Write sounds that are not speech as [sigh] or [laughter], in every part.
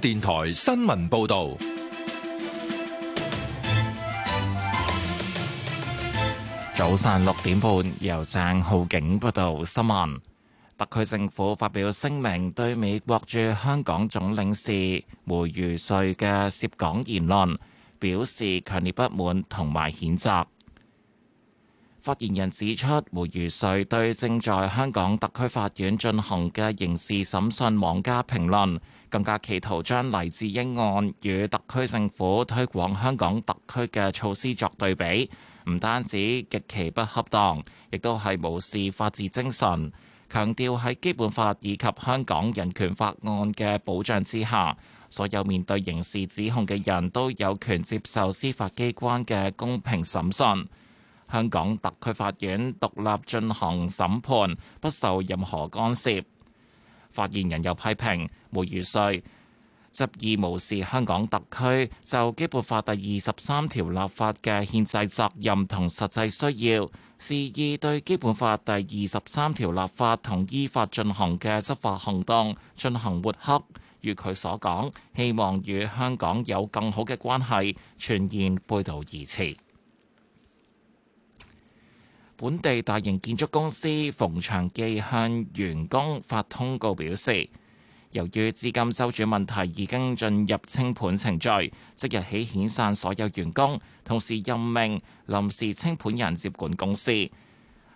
電台新聞報道，早上六點半由鄭浩景報道新聞。特區政府發表聲明，對美國駐香港總領事梅儒瑞嘅涉港言論表示強烈不滿同埋譴責。發言人指出，胡如瑞對正在香港特區法院進行嘅刑事審訊妄加評論，更加企圖將黎智英案與特區政府推廣香港特區嘅措施作對比，唔單止極其不恰當，亦都係無視法治精神。強調喺《基本法》以及《香港人權法案》嘅保障之下，所有面對刑事指控嘅人都有權接受司法機關嘅公平審訊。香港特區法院獨立進行審判，不受任何干涉。發言人又批評梅宇穗執意無視香港特區就基本法第二十三條立法嘅憲制責任同實際需要，肆意對基本法第二十三條立法同依法進行嘅執法行動進行抹黑。與佢所講，希望與香港有更好嘅關係，全然背道而馳。本地大型建築公司馮祥記向員工發通告表示，由於資金周轉問題已經進入清盤程序，即日起遣散所有員工，同時任命臨時清盤人接管公司。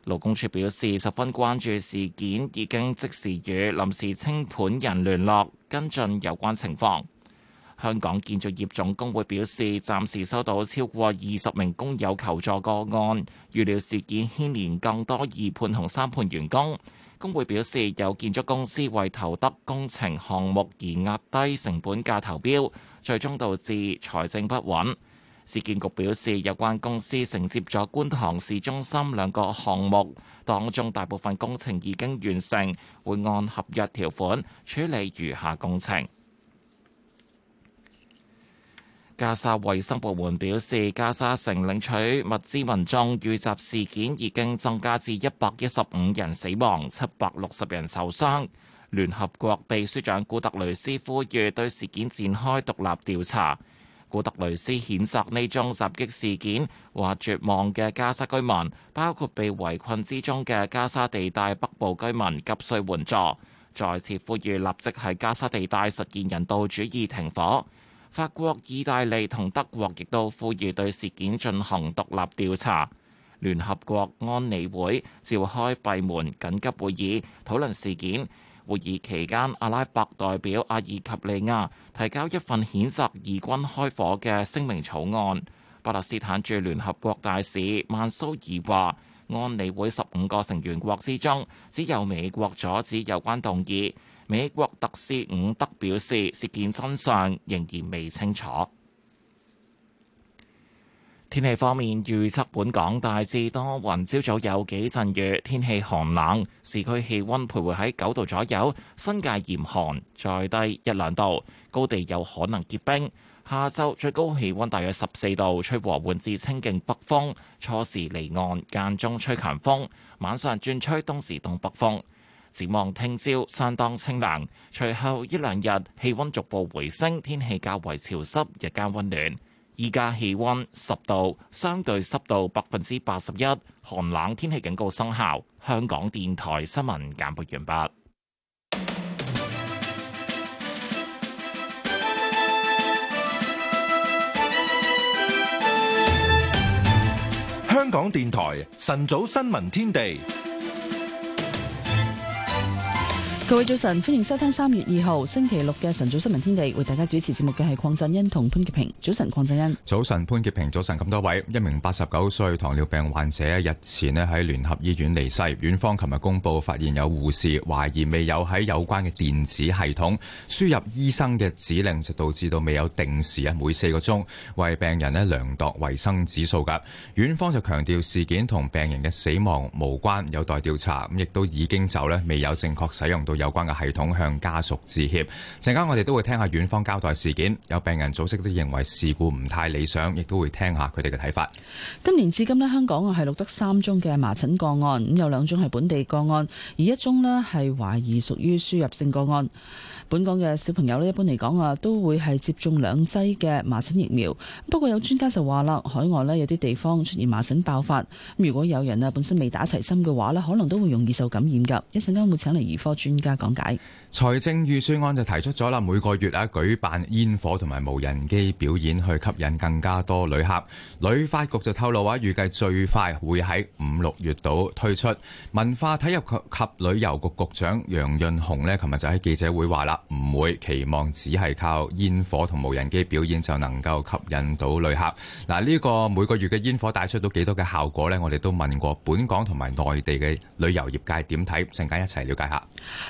勞工處表示十分關注事件，已經即時與臨時清盤人聯絡跟進有關情況。香港建築業總工會表示，暫時收到超過二十名工友求助個案，預料事件牽連更多二判同三判員工。工會表示，有建築公司為投得工程項目而壓低成本價投標，最終導致財政不穩。市建局表示，有關公司承接咗觀塘市中心兩個項目，當中大部分工程已經完成，會按合約條款處理餘下工程。加沙衛生部門表示，加沙城領取物資民眾遇襲事件已經增加至一百一十五人死亡，七百六十人受傷。聯合國秘書長古特雷斯呼籲對事件展開獨立調查。古特雷斯譴責呢宗襲擊事件，話絕望嘅加沙居民，包括被圍困之中嘅加沙地帶北部居民，急需援助。再次呼籲立即喺加沙地帶實現人道主義停火。法國、意大利同德國亦都呼籲對事件進行獨立調查。聯合國安理會召開閉門緊急會議討論事件。會議期間，阿拉伯代表阿爾及利亞提交一份譴責以軍開火嘅聲明草案。巴勒斯坦駐聯合國大使曼蘇爾話，安理會十五個成員國之中，只有美國阻止有關動議。美國特使伍德表示，事件真相仍然未清楚。天氣方面預測，本港大致多雲，朝早有幾陣雨，天氣寒冷，市區氣温徘徊喺九度左右，新界嚴寒再低一兩度，高地有可能結冰。下晝最高氣温大約十四度，吹和緩至清勁北風，初時離岸，間中吹強風，晚上轉吹東至東北風。展望聽朝相當清涼，隨後一兩日氣温逐步回升，天氣較為潮濕，日間温暖。依家氣温十度，相對濕度百分之八十一，寒冷天氣警告生效。香港電台新聞簡報完畢。香港電台晨早新聞天地。各位早晨，歡迎收聽三月二號星期六嘅晨早新聞天地。為大家主持節目嘅係鄺振欣同潘潔平。早晨，鄺振欣。早晨，潘潔平。早晨，咁多位。一名八十九歲糖尿病患者日前咧喺聯合醫院離世。院方琴日公布，發現有護士懷疑未有喺有關嘅電子系統輸入醫生嘅指令，就導致到未有定時啊每四個鐘為病人咧量度維生指數噶。院方就強調事件同病人嘅死亡無關，有待調查。咁亦都已經就咧，未有正確使用到。有關嘅系統向家屬致歉。陣間我哋都會聽下院方交代事件。有病人組織都認為事故唔太理想，亦都會聽下佢哋嘅睇法。今年至今呢，香港係錄得三宗嘅麻疹個案，咁有兩宗係本地個案，而一宗呢係懷疑屬於輸入性個案。本港嘅小朋友咧，一般嚟講啊，都會係接種兩劑嘅麻疹疫苗。不過有專家就話啦，海外咧有啲地方出現麻疹爆發，咁如果有人啊本身未打齊針嘅話咧，可能都會容易受感染㗎。一陣間會請嚟兒科專家講解。財政預算案就提出咗啦，每個月啊舉辦煙火同埋無人機表演，去吸引更加多旅客。旅發局就透露話，預計最快會喺五六月度推出。文化體育及旅遊局局長楊潤雄呢，琴日就喺記者會話啦。唔會期望只係靠煙火同無人機表演就能夠吸引到旅客。嗱，呢個每個月嘅煙火帶出到幾多嘅效果咧？我哋都問過本港同埋內地嘅旅遊業界點睇。陣間一齊了解下。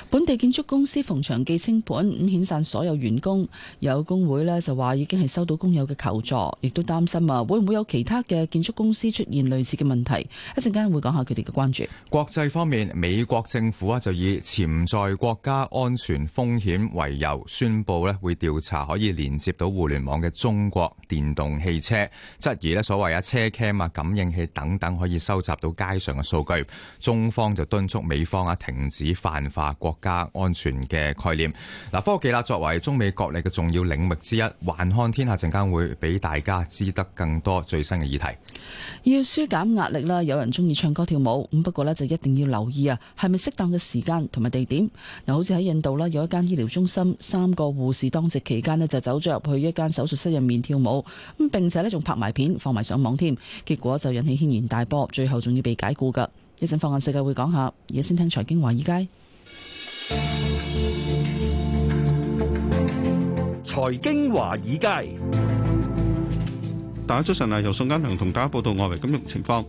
本地建築公司逢長記清盤，咁遣、遣散所有員工。有工會咧就話已經係收到工友嘅求助，亦都擔心啊，會唔會有其他嘅建築公司出現類似嘅問題？一陣間會講下佢哋嘅關注。國際方面，美國政府啊就以潛在國家安全風險。點為由宣布咧，會調查可以連接到互聯網嘅中國電動汽車，質疑咧，所謂啊車 cam 啊、感應器等等，可以收集到街上嘅數據。中方就敦促美方啊停止泛化國家安全嘅概念。嗱，科技啦作為中美角力嘅重要領域之一，環看天下陣間會俾大家知得更多最新嘅議題。要舒減壓力啦，有人中意唱歌跳舞，咁不過咧，就一定要留意啊，係咪適當嘅時間同埋地點。嗱，好似喺印度啦有一間醫療。中心三個護士當值期間咧就走咗入去一間手術室入面跳舞，咁並且咧仲拍埋片放埋上網添，結果就引起軒然大波，最後仲要被解雇噶。一陣放眼世界會講下，而家先聽財經華爾街。財經華爾街，大家早晨啊！由宋嘉良同大家報道外圍金融情況。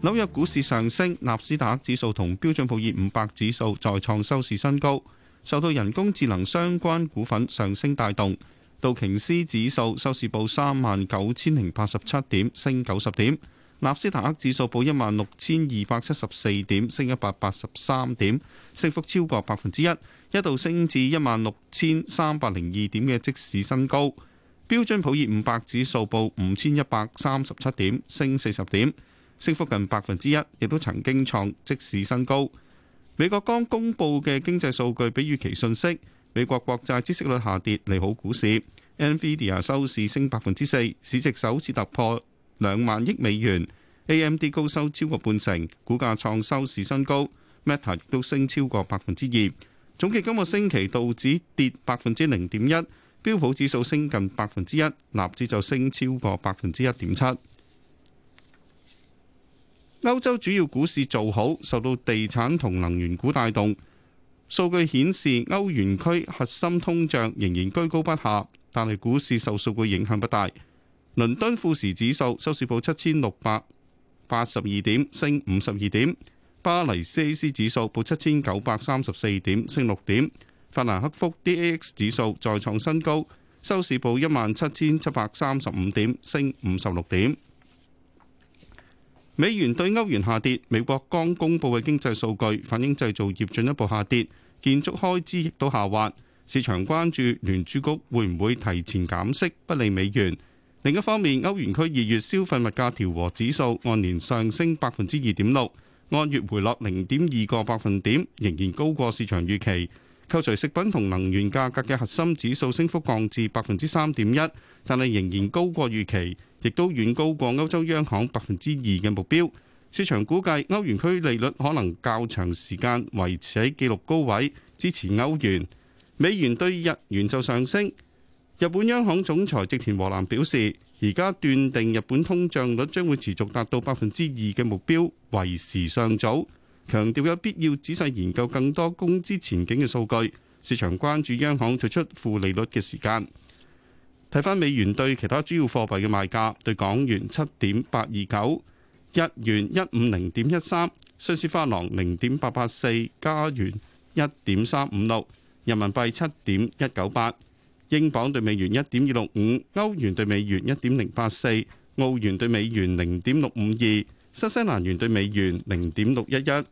紐約股市上升，納斯達克指數同標準普爾五百指數再創收市新高。受到人工智能相關股份上升帶動，道瓊斯指數收市報三萬九千零八十七點，升九十點；納斯達克指數報一萬六千二百七十四點，升一百八十三點，升幅超過百分之一，一度升至一萬六千三百零二點嘅即市新高。標準普爾五百指數報五千一百三十七點，升四十點，升幅近百分之一，亦都曾經創即市新高。美國剛公布嘅經濟數據比預期信息，美國國債孳息率下跌，利好股市。Nvidia 收市升百分之四，市值首次突破兩萬億美元。AMD 高收超過半成，股價創收市新高。Meta 亦都升超過百分之二。總結今個星期道指跌百分之零點一，標普指數升近百分之一，納指就升超過百分之一點七。歐洲主要股市做好，受到地產同能源股帶動。數據顯示，歐元區核心通脹仍然居高不下，但係股市受數據影響不大。倫敦富時指數收市報七千六百八十二點，升五十二點。巴黎 CAC 指數報七千九百三十四點，升六點。法蘭克福 DAX 指數再創新高，收市報一萬七千七百三十五點，升五十六點。美元對歐元下跌，美國剛公佈嘅經濟數據反映製造業進一步下跌，建築開支亦都下滑。市場關注聯儲局會唔會提前減息，不利美元。另一方面，歐元區二月消費物價調和指數按年上升百分之二點六，按月回落零點二個百分點，仍然高過市場預期。扣除食品同能源價格嘅核心指數升幅降至百分之三點一。但係仍然高過預期，亦都遠高過歐洲央行百分之二嘅目標。市場估計歐元區利率可能較長時間維持喺紀錄高位，支持歐元。美元對日元就上升。日本央行總裁植田和男表示，而家斷定日本通脹率將會持續達到百分之二嘅目標為時尚早，強調有必要仔細研究更多工資前景嘅數據。市場關注央行退出負利率嘅時間。睇翻美元對其他主要貨幣嘅賣價，對港元七點八二九，日元一五零點一三，瑞士法郎零點八八四，加元一點三五六，人民幣七點一九八，英鎊對美元一點二六五，歐元對美元一點零八四，澳元對美元零點六五二，新西蘭元對美元零點六一一。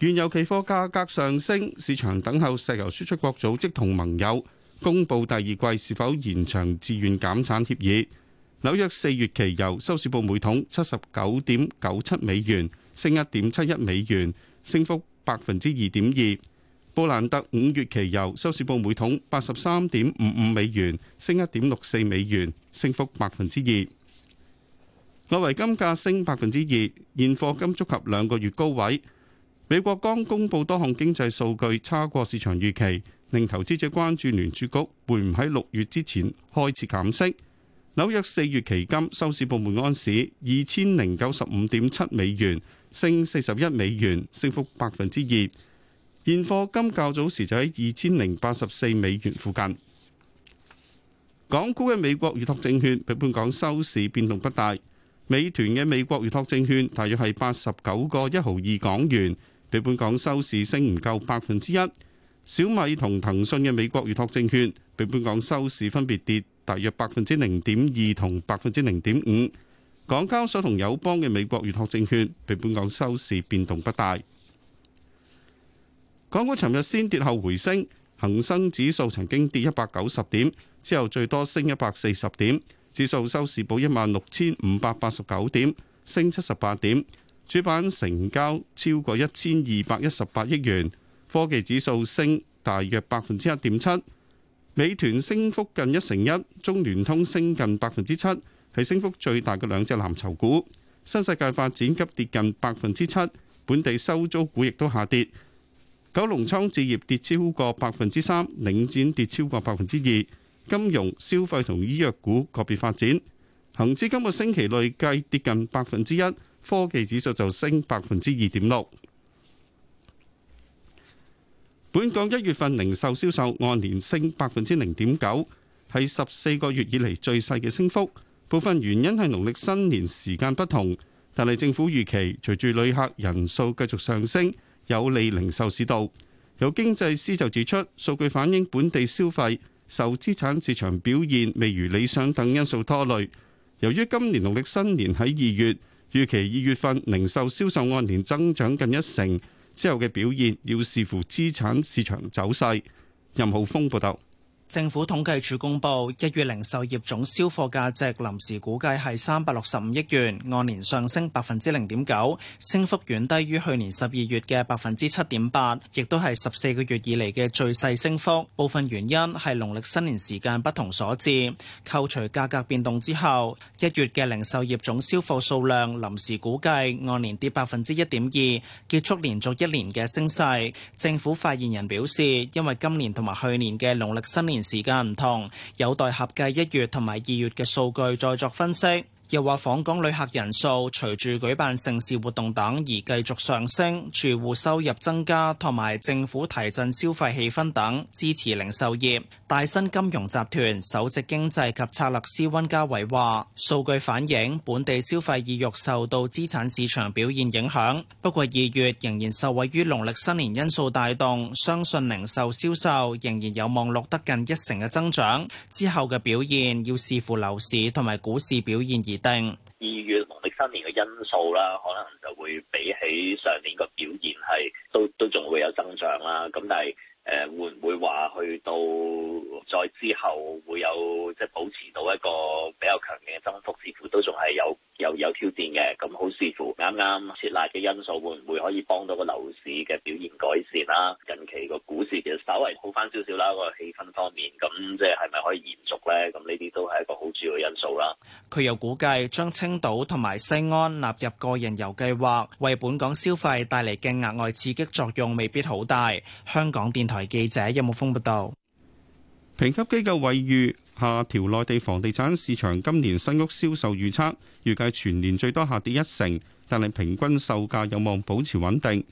原油期貨價格上升，市場等候石油輸出國組織同盟友公布第二季是否延長自願減產協議。紐約四月期油收市報每桶七十九點九七美元，升一點七一美元，升幅百分之二點二。布蘭特五月期油收市報每桶八十三點五五美元，升一點六四美元，升幅百分之二。外圍金價升百分之二，現貨金觸及兩個月高位。美國剛公布多項經濟數據差過市場預期，令投資者關注聯儲局會唔喺六月之前開始減息。紐約四月期金收市報每安士二千零九十五點七美元，升四十一美元，升幅百分之二。現貨金較早時就喺二千零八十四美元附近。港股嘅美國預託證券比本港收市變動不大，美團嘅美國預託證券大約係八十九個一毫二港元。比本港收市升唔夠百分之一，小米同騰訊嘅美國預託證券比本港收市分別跌大約百分之零點二同百分之零點五，港交所同友邦嘅美國預託證券比本港收市變動不大。港股尋日先跌後回升，恒生指數曾經跌一百九十點，之後最多升一百四十點，指數收市報一萬六千五百八十九點，升七十八點。主板成交超過一千二百一十八億元，科技指數升大約百分之一點七，美團升幅近一成一，中聯通升近百分之七，係升幅最大嘅兩隻藍籌股。新世界發展急跌近百分之七，本地收租股亦都下跌，九龍倉置業跌超過百分之三，領展跌超過百分之二，金融、消費同醫藥股個別發展，恒指今個星期累計跌近百分之一。科技指數就升百分之二點六。本港一月份零售銷售，銷售按年升百分之零點九，係十四個月以嚟最細嘅升幅。部分原因係農曆新年時間不同，但係政府預期隨住旅客人數繼續上升，有利零售市道。有經濟師就指出，數據反映本地消費受資產市場表現未如理想等因素拖累。由於今年農曆新年喺二月。預期二月份零售銷售按年增長近一成，之後嘅表現，要視乎資產市場走勢。任浩峰報導。政府統計處公布一月零售業總銷貨價值臨時估計係三百六十五億元，按年上升百分之零點九，升幅遠低於去年十二月嘅百分之七點八，亦都係十四個月以嚟嘅最細升幅。部分原因係農曆新年時間不同所致。扣除價格變動之後，一月嘅零售業總銷貨數量臨時估計按年跌百分之一點二，結束連續一年嘅升勢。政府發言人表示，因為今年同埋去年嘅農曆新年。時間唔同，有待合計一月同埋二月嘅數據再作分析。又話訪港旅客人數隨住舉辦盛事活動等而繼續上升，住戶收入增加同埋政府提振消費氣氛等支持零售業。大新金融集團首席經濟及策略師温家偉話：數據反映本地消費意欲受到資產市場表現影響，不過二月仍然受惠於農曆新年因素帶動，相信零售銷售仍然有望錄得近一成嘅增長。之後嘅表現要視乎樓市同埋股市表現而定。定二月農曆新年嘅因素啦，可能就會比起上年個表現係都都仲會有增長啦。咁但係誒、呃、會唔會話去到再之後會有，即係保持到一個比較強勁嘅增幅，似乎都仲係有。有有挑戰嘅咁，好視乎啱啱撤辣嘅因素會唔會可以幫到個樓市嘅表現改善啦？近期個股市其實稍微好返少少啦，個氣氛方面咁，即係係咪可以延續咧？咁呢啲都係一個好主要嘅因素啦。佢又估計將青島同埋西安納入個人遊計劃，為本港消費帶嚟嘅額外刺激作用未必好大。香港電台記者任木峰報道。評級機構惠譽。下調內地房地產市場今年新屋銷售預測，預計全年最多下跌一成，但係平均售價有望保持穩定。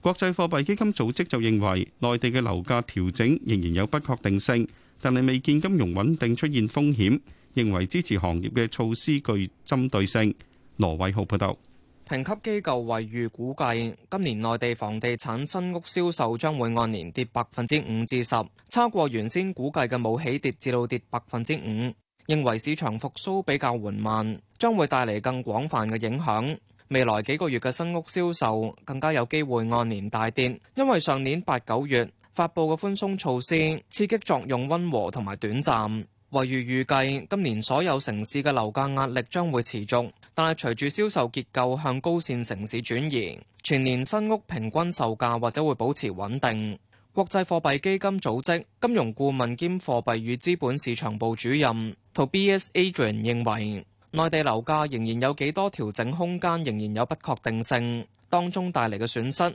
國際貨幣基金組織就認為，內地嘅樓價調整仍然有不確定性，但係未見金融穩定出現風險，認為支持行業嘅措施具針對性。羅偉浩報道。評級機構惠譽估計，今年內地房地產新屋銷售將會按年跌百分之五至十，差過原先估計嘅冇起跌至到跌百分之五，認為市場復蘇比較緩慢，將會帶嚟更廣泛嘅影響。未來幾個月嘅新屋銷售更加有機會按年大跌，因為上年八九月發佈嘅寬鬆措施刺激作用溫和同埋短暫。惠譽預計，今年所有城市嘅樓價壓力將會持續。但係隨住銷售結構向高線城市轉移，全年新屋平均售價或者會保持穩定。國際貨幣基金組織金融顧問兼貨幣與資本市場部主任 Tobias Adrian 認為，內地樓價仍然有幾多調整空間，仍然有不確定性，當中帶嚟嘅損失。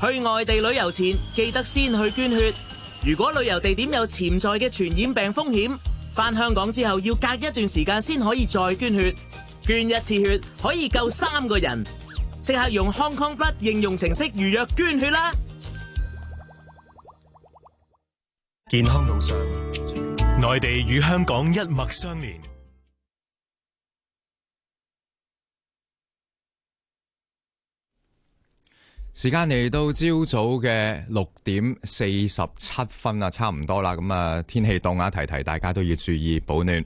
去外地旅遊前，記得先去捐血。如果旅遊地點有潛在嘅傳染病風險，返香港之後要隔一段時間先可以再捐血。捐一次血可以救三個人。即刻用 Hong Kong Blood 應用程式預約捐血啦！健康路上，內地與香港一脈相連。時間嚟到朝早嘅六點四十七分啦，差唔多啦。咁啊，天氣凍啊，提提大家都要注意保暖。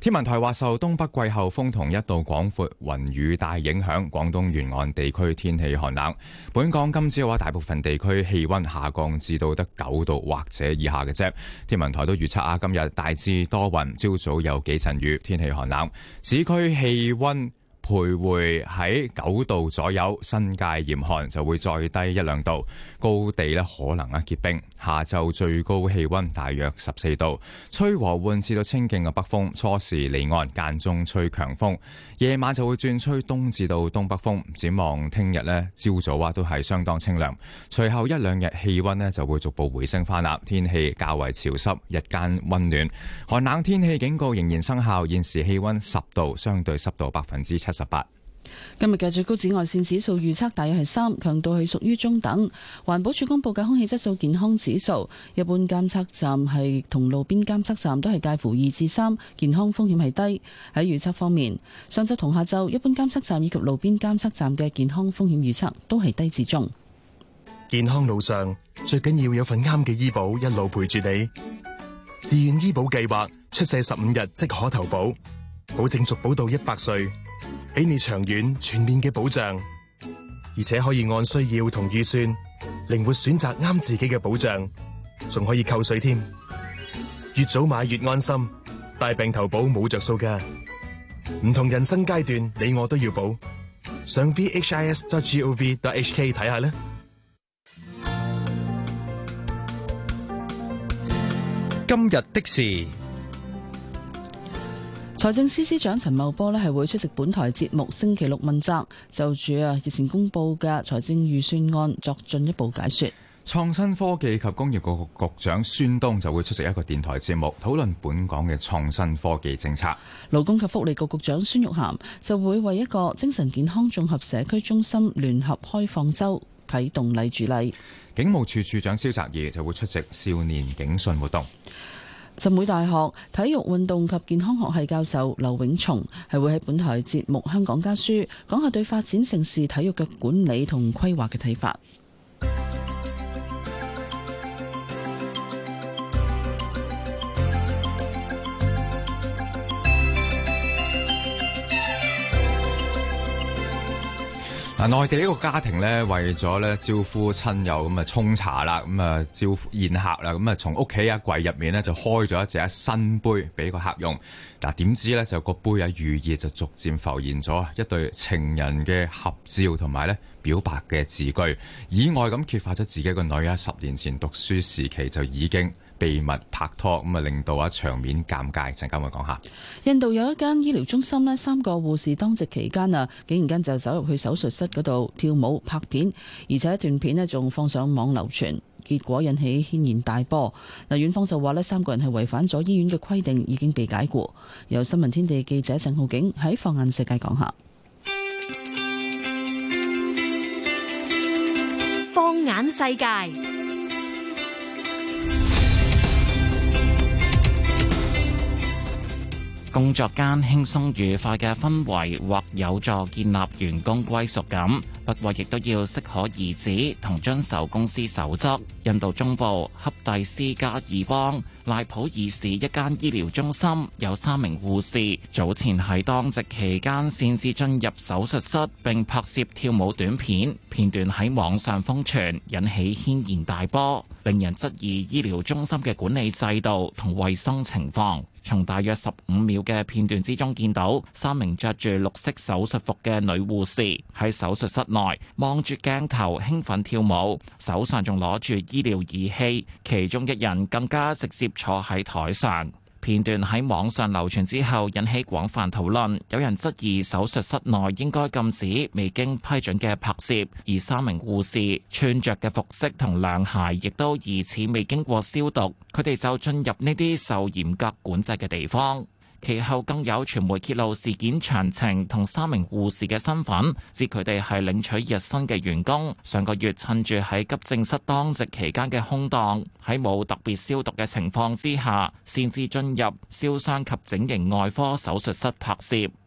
天文台話受東北季候風同一道廣闊雲雨帶影響，廣東沿岸地區天氣寒冷。本港今朝啊，大部分地區氣溫下降至到得九度或者以下嘅啫。天文台都預測啊，今日大致多雲，朝早有幾陣雨，天氣寒冷，市區氣溫，徘徊喺九度左右，新界嚴寒就會再低一兩度，高地咧可能咧結冰。下晝最高氣温大約十四度，吹和緩至到清勁嘅北風，初時離岸間中吹強風，夜晚就會轉吹東至到東北風。展望聽日咧，朝早啊都係相當清涼，隨後一兩日氣温咧就會逐步回升翻嚟，天氣較為潮濕，日間温暖。寒冷天氣警告仍然生效，現時氣温十度，相對濕度百分之七十。十八今日嘅最高紫外線指數預測大約係三，強度係屬於中等。環保署公布嘅空氣質素健康指數，一般監測站係同路邊監測站都係介乎二至三，健康風險係低。喺預測方面，上晝同下晝一般監測站以及路邊監測站嘅健康風險預測都係低至中。健康路上最緊要有份啱嘅醫保，一路陪住你。自願醫保計劃出世十五日即可投保，保證續保到一百歲。俾你長遠全面嘅保障，而且可以按需要同預算靈活選擇啱自己嘅保障，仲可以扣稅添。越早買越安心，大病投保冇着數㗎。唔同人生階段，你我都要保。上 VHIS.gov.hk 睇下啦。今日的事。財政司司長陳茂波呢係會出席本台節目《星期六問責》，就住啊日前公布嘅財政預算案作進一步解說。創新科技及工業局局，局長孫東就會出席一個電台節目，討論本港嘅創新科技政策。勞工及福利局局長孫玉菡就會為一個精神健康綜合社區中心聯合開放周啟動禮主禮。警務處處長蕭澤頤就會出席少年警訊活動。浸會大學體育運動及健康學系教授劉永松係會喺本台節目《香港家書》講下對發展城市體育嘅管理同規劃嘅睇法。啊！內地呢個家庭呢，為咗咧招呼親友咁啊，沖茶啦，咁啊招呼宴客啦，咁啊，從屋企啊櫃入面咧就開咗一隻新杯俾個客用。嗱，點知呢，就個杯啊，寓意就逐漸浮現咗一對情人嘅合照同埋咧表白嘅字句，意外咁揭發咗自己個女啊！十年前讀書時期就已經。秘密拍拖，咁啊令到啊場面尷尬。陣間我講下，印度有一間醫療中心咧，三個護士當值期間啊，竟然間就走入去手術室嗰度跳舞拍片，而且一段片咧仲放上網流傳，結果引起軒然大波。嗱，院方就話咧，三個人係違反咗醫院嘅規定，已經被解僱。由新聞天地記者鄭浩景喺放眼世界講下，放眼世界。工作間輕鬆愉快嘅氛圍或有助建立員工歸屬感，不過亦都要適可而止，同遵守公司守則。印度中部恰蒂斯加爾邦賴普爾市一間醫療中心有三名護士早前喺當值期間擅自進入手術室並拍攝跳舞短片，片段喺網上瘋傳，引起軒然大波，令人質疑醫療中心嘅管理制度同衛生情況。從大約十五秒嘅片段之中，見到三名着住綠色手術服嘅女護士喺手術室內望住鏡頭興奮跳舞，手上仲攞住醫療儀器，其中一人更加直接坐喺台上。片段喺網上流傳之後，引起廣泛討論。有人質疑手術室內應該禁止未經批准嘅拍攝，而三名護士穿着嘅服飾同涼鞋亦都疑似未經過消毒，佢哋就進入呢啲受嚴格管制嘅地方。其後更有傳媒揭露事件詳情同三名護士嘅身份，指佢哋係領取日薪嘅員工。上個月趁住喺急症室當值期間嘅空檔，喺冇特別消毒嘅情況之下，先至進入燒傷及整形外科手術室拍攝。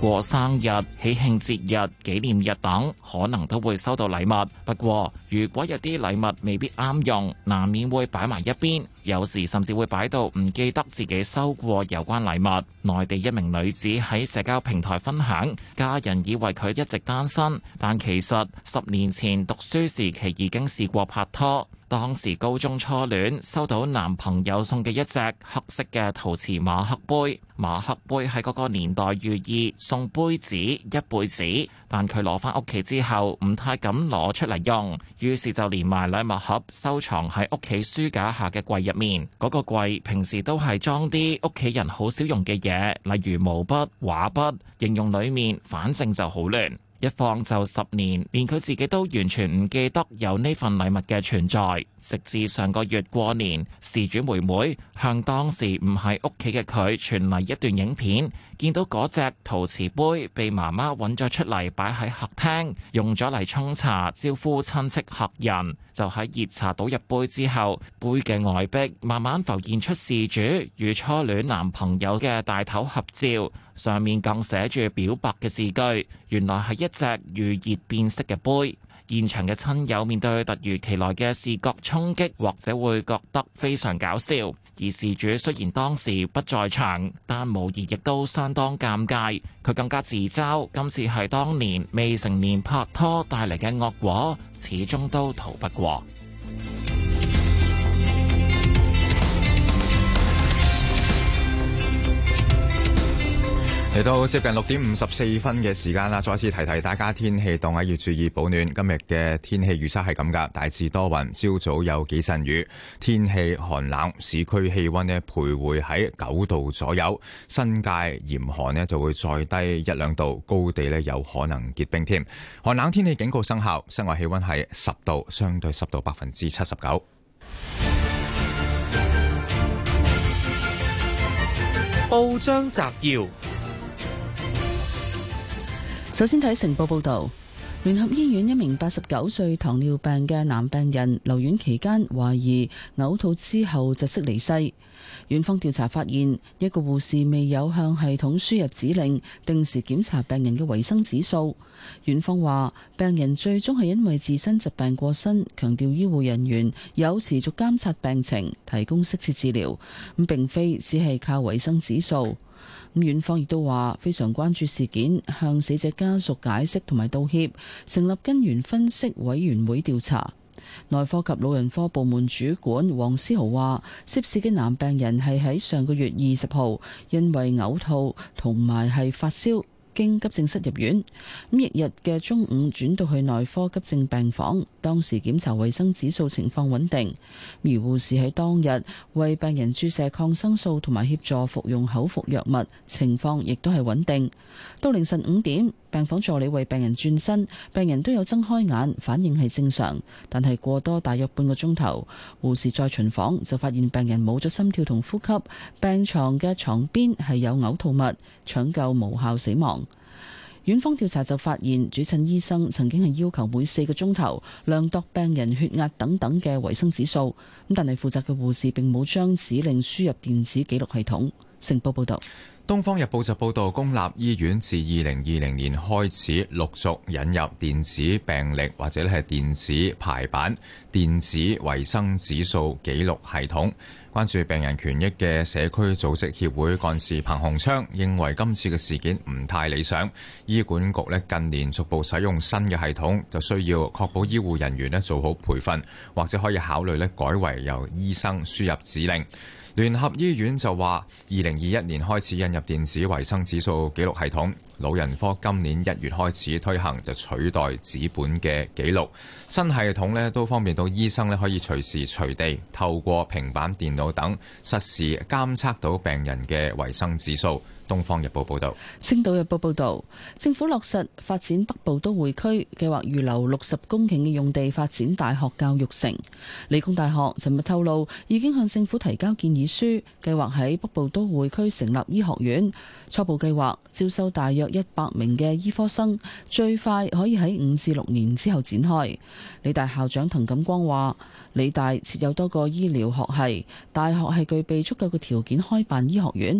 過生日、喜慶節日、紀念日等，可能都會收到禮物。不過，如果有啲禮物未必啱用，難免會擺埋一邊。有時甚至會擺到唔記得自己收過有關禮物。內地一名女子喺社交平台分享，家人以為佢一直單身，但其實十年前讀書時期已經試過拍拖。當時高中初戀，收到男朋友送嘅一隻黑色嘅陶瓷馬克杯，馬克杯喺嗰個年代寓意送杯子一輩子。但佢攞翻屋企之後，唔太敢攞出嚟用，於是就連埋禮物盒收藏喺屋企書架下嘅櫃入面。嗰個櫃平時都係裝啲屋企人好少用嘅嘢，例如毛筆、畫筆，形容裡面反正就好亂。一放就十年，連佢自己都完全唔記得有呢份禮物嘅存在。直至上個月過年，事主妹妹向當時唔喺屋企嘅佢傳嚟一段影片，見到嗰隻陶瓷杯被媽媽揾咗出嚟擺喺客廳，用咗嚟沖茶招呼親戚客人。就喺熱茶倒入杯之後，杯嘅外壁慢慢浮現出事主與初戀男朋友嘅大頭合照，上面更寫住表白嘅字句。原來係一隻遇熱變色嘅杯。現場嘅親友面對突如其來嘅視覺衝擊，或者會覺得非常搞笑。而事主雖然當時不在場，但無疑亦都相當尷尬。佢更加自嘲，今次係當年未成年拍拖帶嚟嘅惡果，始終都逃不過。嚟到接近六點五十四分嘅時間啦，再次提提大家天氣凍啊，要注意保暖。今日嘅天氣預測係咁噶，大致多雲，朝早有幾陣雨，天氣寒冷，市區氣溫呢徘徊喺九度左右，新界嚴寒呢就會再低一兩度，高地呢有可能結冰添。寒冷天氣警告生效，室外氣溫係十度，相對濕度百分之七十九。報章摘要。首先睇成報報導，聯合醫院一名八十九歲糖尿病嘅男病人留院期間，懷疑嘔吐，吐之後窒息離世。院方調查發現，一個護士未有向系統輸入指令，定時檢查病人嘅維生指數。院方話，病人最終係因為自身疾病過身。強調醫護人員有持續監察病情，提供適切治療，咁並非只係靠維生指數。院方亦都話非常關注事件，向死者家屬解釋同埋道歉，成立根源分析委員會調查。內科及老人科部門主管黃思豪話，涉事嘅男病人係喺上個月二十號，因為嘔吐同埋係發燒，經急症室入院，咁翌日嘅中午轉到去內科急症病房，當時檢查衛生指數情況穩定。而護士喺當日為病人注射抗生素同埋協助服用口服藥物，情況亦都係穩定。到凌晨五點，病房助理為病人轉身，病人都有睜開眼，反應係正常，但係過多大約半個鐘頭，護士再巡房就發現病人冇咗心跳同呼吸，病床嘅床邊係有嘔吐物，搶救無效死亡。院方調查就發現，主診醫生曾經係要求每四個鐘頭量度病人血壓等等嘅維生指數，咁但係負責嘅護士並冇將指令輸入電子記錄系統。成報報道，東方日報就報道公立醫院自二零二零年開始陸續引入電子病歷或者係電子排版、電子衛生指數記錄系統。關注病人權益嘅社區組織協會幹事彭洪昌認為今次嘅事件唔太理想。醫管局呢近年逐步使用新嘅系統，就需要確保醫護人員呢做好培訓，或者可以考慮呢改為由醫生輸入指令。聯合醫院就話：二零二一年開始引入電子維生指數記錄系統。老人科今年一月開始推行，就取代紙本嘅記錄。新系統咧都方便到醫生咧可以隨時隨地透過平板電腦等實時監測到病人嘅衛生指數。《東方日報》報道，《星島日報》報道，政府落實發展北部都會區計劃預留六十公頃嘅用地發展大學教育城。理工大學尋日透露，已經向政府提交建議書，計劃喺北部都會區成立醫學院。初步計劃招收大約一百名嘅醫科生最快可以喺五至六年之後展開。理大校長滕錦光話，理大設有多個醫療學系，大學係具備足夠嘅條件開辦醫學院。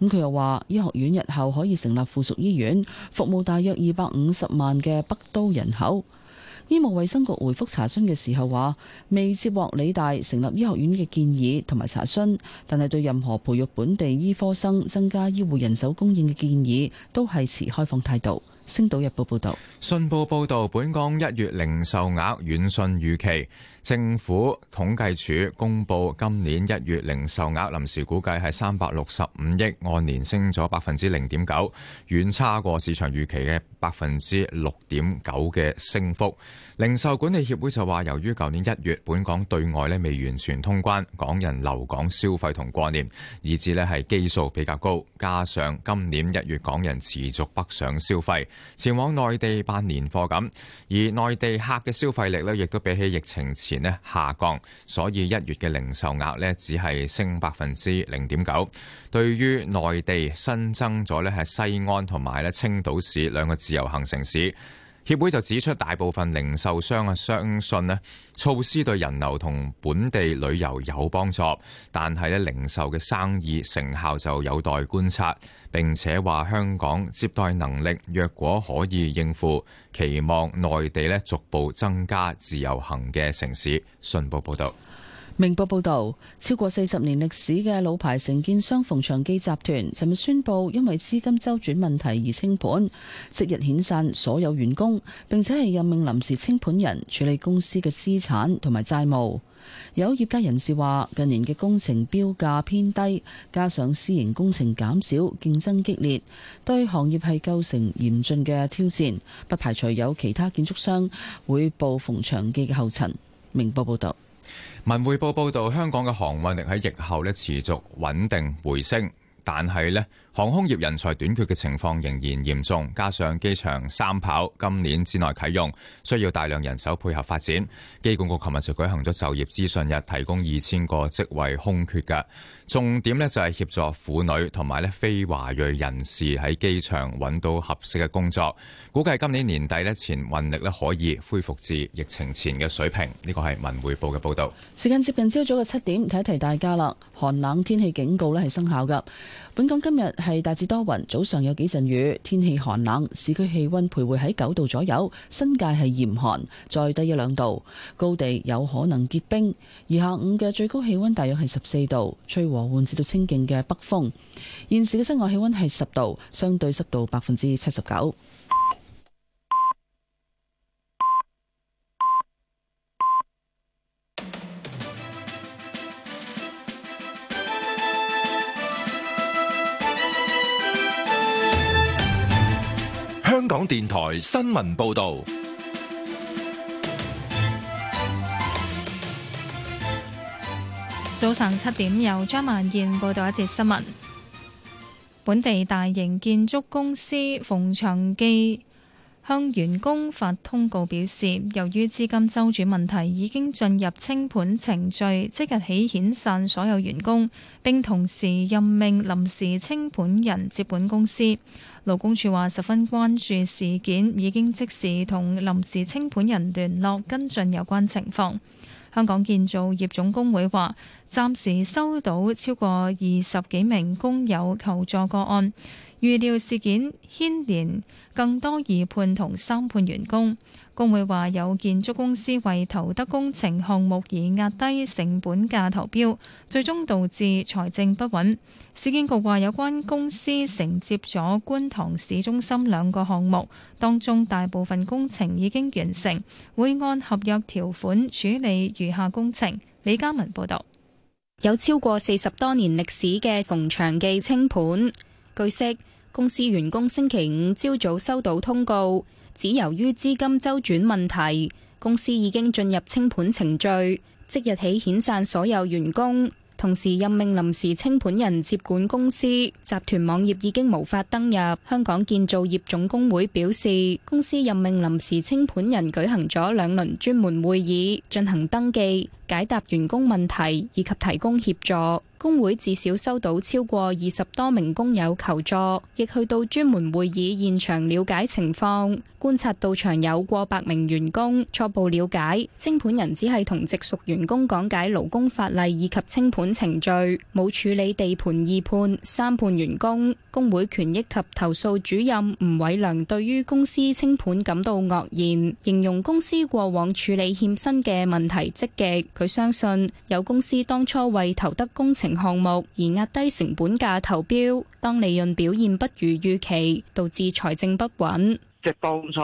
咁、嗯、佢又話，醫學院日後可以成立附屬醫院，服務大約二百五十萬嘅北都人口。醫務衛生局回覆查詢嘅時候話，未接獲理大成立醫學院嘅建議同埋查詢，但係對任何培育本地醫科生、增加醫護人手供應嘅建議，都係持開放態度。星島日報報道，信報報道，本港一月零售額遠遜預期。政府統計處公布今年一月零售額臨時估計係三百六十五億，按年升咗百分之零點九，遠差過市場預期嘅百分之六點九嘅升幅。零售管理協會就話，由於舊年一月本港對外咧未完全通關，港人留港消費同過年，以至咧係基數比較高。加上今年一月港人持續北上消費，前往內地辦年貨咁，而內地客嘅消費力咧亦都比起疫情前咧下降，所以一月嘅零售額咧只係升百分之零點九。對於內地新增咗咧係西安同埋咧青島市兩個自由行城市。協會就指出，大部分零售商啊相信呢措施對人流同本地旅遊有幫助，但係呢零售嘅生意成效就有待觀察。並且話香港接待能力若果可以應付，期望內地呢逐步增加自由行嘅城市。信報報道。明報報導，超過四十年歷史嘅老牌承建商馮祥記集團，尋日宣布因為資金周轉問題而清盤，即日遣散所有員工，並且係任命臨時清盤人處理公司嘅資產同埋債務。有業界人士話：近年嘅工程標價偏低，加上私營工程減少，競爭激烈，對行業係構成嚴峻嘅挑戰。不排除有其他建築商會步馮祥記嘅後塵。明報報導。文匯報報道，香港嘅航運力喺疫後呢持續穩定回升，但係呢。航空業人才短缺嘅情況仍然嚴重，加上機場三跑今年之內啟用，需要大量人手配合發展。機管局琴日就舉行咗就業資訊日，提供二千個職位空缺嘅重點呢就係協助婦女同埋呢非華裔人士喺機場揾到合適嘅工作。估計今年年底呢，前運力呢可以恢復至疫情前嘅水平。呢個係文匯報嘅報道。時間接近朝早嘅七點，提一提大家啦，寒冷天氣警告呢係生效噶。本港今日係大致多雲，早上有幾陣雨，天氣寒冷，市區氣溫徘徊喺九度左右，新界係嚴寒，再低一兩度，高地有可能結冰。而下午嘅最高氣溫大約係十四度，吹和緩至到清勁嘅北風。現時嘅室外氣溫係十度，相對濕度百分之七十九。香港電台新聞報道，早上七點由張萬燕報道一節新聞。本地大型建築公司馮祥記向員工發通告表示，由於資金周轉問題，已經進入清盤程序，即日起遣散所有員工，並同時任命臨時清盤人接管公司。勞工處話十分關注事件，已經即時同臨時清盤人聯絡，跟進有關情況。香港建造業總工會話，暫時收到超過二十幾名工友求助個案。預料事件牽連更多二判同三判員工，工會話有建築公司為投得工程項目而壓低成本價投標，最終導致財政不穩。市建局話有關公司承接咗觀塘市中心兩個項目，當中大部分工程已經完成，會按合約條款處理餘下工程。李嘉文報導，有超過四十多年歷史嘅馮祥記清盤，據悉。公司員工星期五朝早收到通告，指由於資金周轉問題，公司已經進入清盤程序，即日起遣散所有員工，同時任命臨時清盤人接管公司。集團網頁已經無法登入。香港建造業總工會表示，公司任命臨時清盤人舉行咗兩輪專門會議，進行登記、解答員工問題以及提供協助。工會至少收到超過二十多名工友求助，亦去到專門會議現場了解情況，觀察到場有過百名員工。初步了解，清盤人只係同直屬員工講解勞工法例以及清盤程序，冇處理地盤二判、三判員工。工會權益及投訴主任吳偉良對於公司清盤感到愕然，形容公司過往處理欠薪嘅問題積極。佢相信有公司當初為投得工程，項目而壓低成本價投標，當利潤表現不如預期，導致財政不穩。即係當初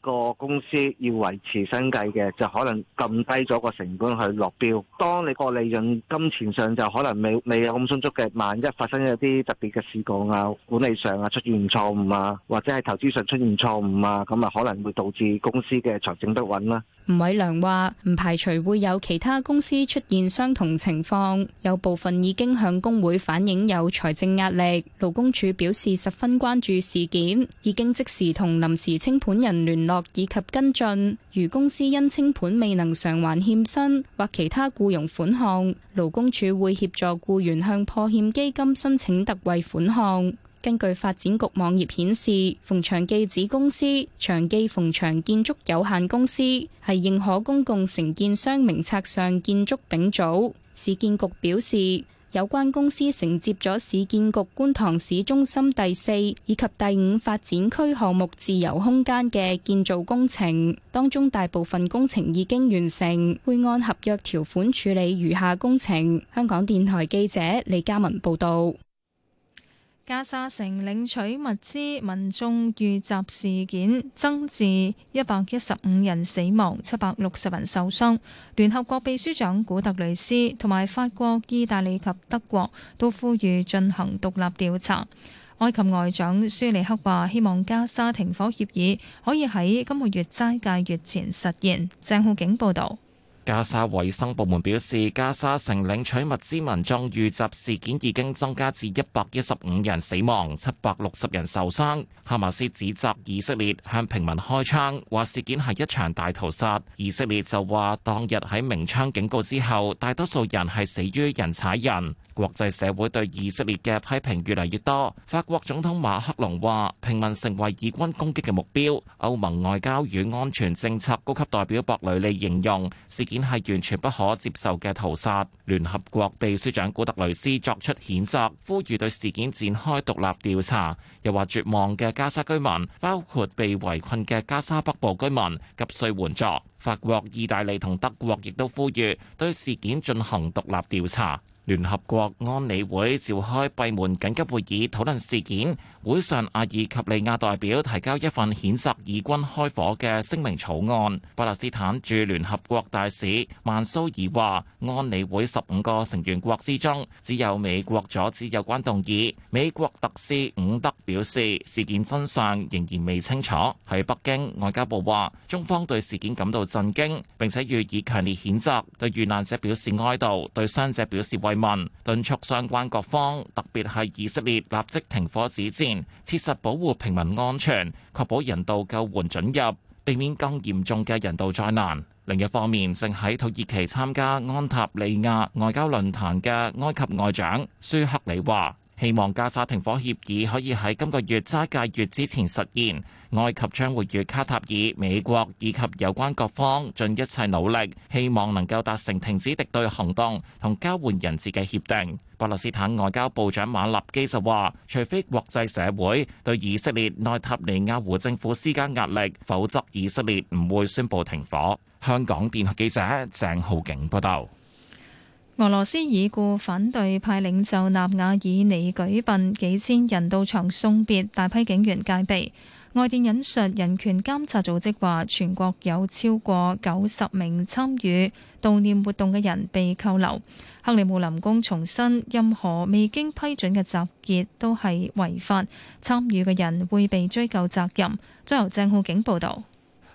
個公司要維持生計嘅，就可能撳低咗個成本去落標。當你個利潤金錢上就可能未未有咁充足嘅，萬一發生一啲特別嘅事故啊、管理上啊出現錯誤啊，或者係投資上出現錯誤啊，咁啊可能會導致公司嘅財政不穩啦。吳偉良話：唔排除會有其他公司出現相同情況，有部分已經向工會反映有財政壓力。勞工處表示十分關注事件，已經即時同臨時清盤人聯絡以及跟進。如公司因清盤未能償還欠薪或其他僱傭款項，勞工處會協助僱員向破欠基金申請特惠款項。根據發展局網頁顯示，馮祥記子公司祥記馮祥建築有限公司係認可公共承建商名冊上建築丙組。市建局表示，有關公司承接咗市建局觀塘市中心第四以及第五發展區項目自由空間嘅建造工程，當中大部分工程已經完成，會按合約條款處理餘下工程。香港電台記者李嘉文報導。加沙城領取物資民眾遇襲事件增至一百一十五人死亡，七百六十人受傷。聯合國秘書長古特雷斯同埋法國、意大利及德國都呼籲進行獨立調查。埃及外長舒尼克話，希望加沙停火協議可以喺今個月齋戒月前實現。鄭浩景報道。加沙衛生部門表示，加沙城領取物資民眾遇襲事件已經增加至一百一十五人死亡，七百六十人受傷。哈馬斯指責以色列向平民開槍，話事件係一場大屠殺。以色列就話當日喺鳴槍警告之後，大多數人係死於人踩人。國際社會對以色列嘅批評越嚟越多。法國總統馬克龍話，平民成為以軍攻擊嘅目標。歐盟外交與安全政策高級代表博雷利形容，事件係完全不可接受嘅屠殺。聯合國秘書長古特雷斯作出譴責，呼籲對事件展開獨立調查，又話絕望嘅加沙居民，包括被圍困嘅加沙北部居民，急需援助。法國、意大利同德國亦都呼籲對事件進行獨立調查。聯合國安理會召開閉門緊急會議討論事件。會上，阿爾及利亞代表提交一份譴責以軍開火嘅聲明草案。巴勒斯坦駐聯合國大使曼蘇爾話，安理會十五個成員國之中，只有美國阻止有關動議。美國特使伍德表示，事件真相仍然未清楚。喺北京，外交部話，中方對事件感到震驚，並且予以強烈譴責，對遇難者表示哀悼，對傷者表示慰問，敦促相關各方，特別係以色列立即停火止戰。切實保護平民安全，確保人道救援准入，避免更嚴重嘅人道災難。另一方面，正喺土耳其參加安塔利亞外交論壇嘅埃及外長舒克里話。希望加沙停火協議可以喺今個月齋戒月，之前實現，埃及將會與卡塔爾、美國以及有關各方盡一切努力，希望能夠達成停止敵對行動同交換人質嘅協定。巴勒斯坦外交部長馬立基就話，除非國際社會對以色列內塔尼亞胡政府施加壓力，否則以色列唔會宣布停火。香港電台記者鄭浩景報道。俄羅斯已故反對派領袖納瓦爾尼舉殯，幾千人到場送別，大批警員戒備。外電引述人權監察組織話，全國有超過九十名參與悼念活動嘅人被扣留。克里姆林宮重申，任何未經批准嘅集結都係違法，參與嘅人會被追究責任。再由鄭浩景報道。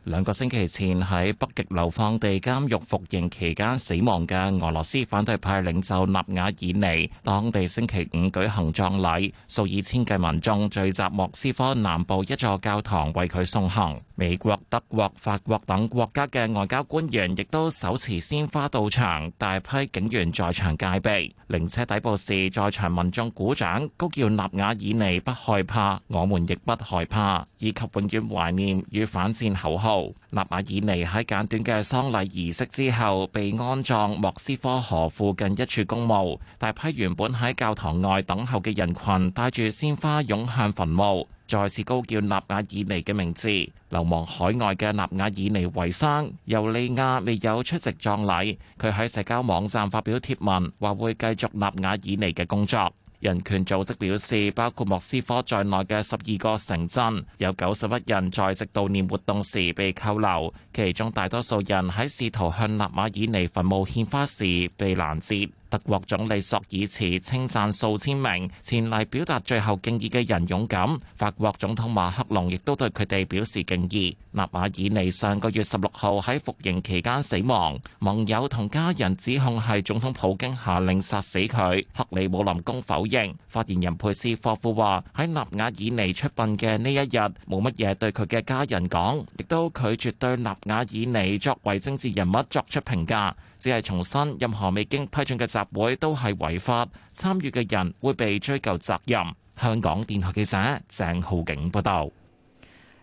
兩個星期前喺北極流放地監獄服刑期間死亡嘅俄羅斯反對派領袖納瓦爾尼，當地星期五舉行葬禮，數以千計民眾聚集莫斯科南部一座教堂為佢送行。美國、德國、法國等國家嘅外交官員亦都手持鮮花到場，大批警員在場戒備。靈車抵步時，在場民眾鼓掌高叫納瓦爾尼不害怕，我們亦不害怕。以及永遠懷念與反戰口號。納瓦爾尼喺簡短嘅喪禮儀式之後，被安葬莫斯科河附近一處公墓。大批原本喺教堂外等候嘅人群帶住鮮花湧向墳墓，再次高叫納瓦爾尼嘅名字。流亡海外嘅納瓦爾尼遺孀尤利亞未有出席葬禮，佢喺社交網站發表貼文，話會繼續納瓦爾尼嘅工作。人權組織表示，包括莫斯科在內嘅十二個城鎮，有九十一人在直悼念活動時被扣留，其中大多數人喺試圖向納馬爾尼墳墓獻花時被攔截。德國總理朔爾茨稱讚數千名前嚟表達最後敬意嘅人勇敢。法國總統馬克龍亦都對佢哋表示敬意。納瓦爾尼上個月十六號喺服刑期間死亡，盟友同家人指控係總統普京下令殺死佢。克里姆林宮否認。發言人佩斯科夫話：喺納瓦爾尼出殯嘅呢一日，冇乜嘢對佢嘅家人講，亦都拒絕對納瓦爾尼作為政治人物作出評價。只係重申，任何未經批准嘅集會都係違法，參與嘅人會被追究責任。香港電台記者鄭浩景報道。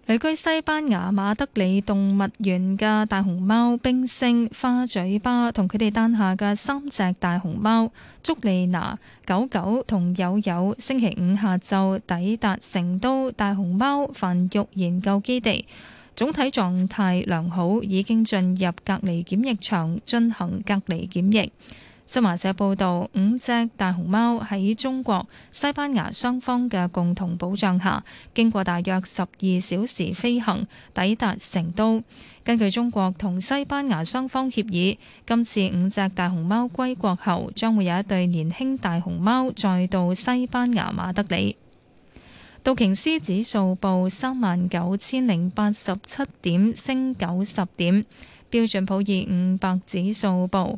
旅居西班牙馬德里動物園嘅大熊貓冰星、花嘴巴同佢哋誕下嘅三隻大熊貓竹莉娜、久久同友友，星期五下晝抵達成都大熊貓繁育研究基地，總體狀態良好，已經進入隔離檢疫場進行隔離檢疫。新華社報導，五隻大熊貓喺中國、西班牙雙方嘅共同保障下，經過大約十二小時飛行，抵達成都。根據中國同西班牙雙方協議，今次五隻大熊貓歸國後，將會有一對年輕大熊貓再到西班牙馬德里。道瓊斯指數報三萬九千零八十七點，升九十點。標準普爾五百指數報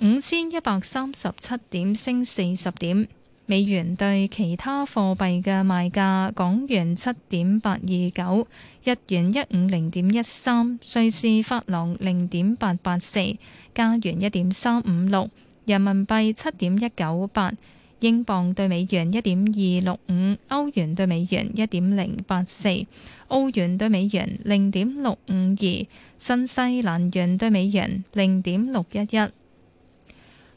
五千一百三十七點，升四十點。美元對其他貨幣嘅賣價：港元七點八二九，日元一五零點一三，瑞士法郎零點八八四，加元一點三五六，人民幣七點一九八。英鎊兌美元一點二六五，歐元兌美元一點零八四，澳元兌美元零點六五二，新西蘭元兌美元零點六一一。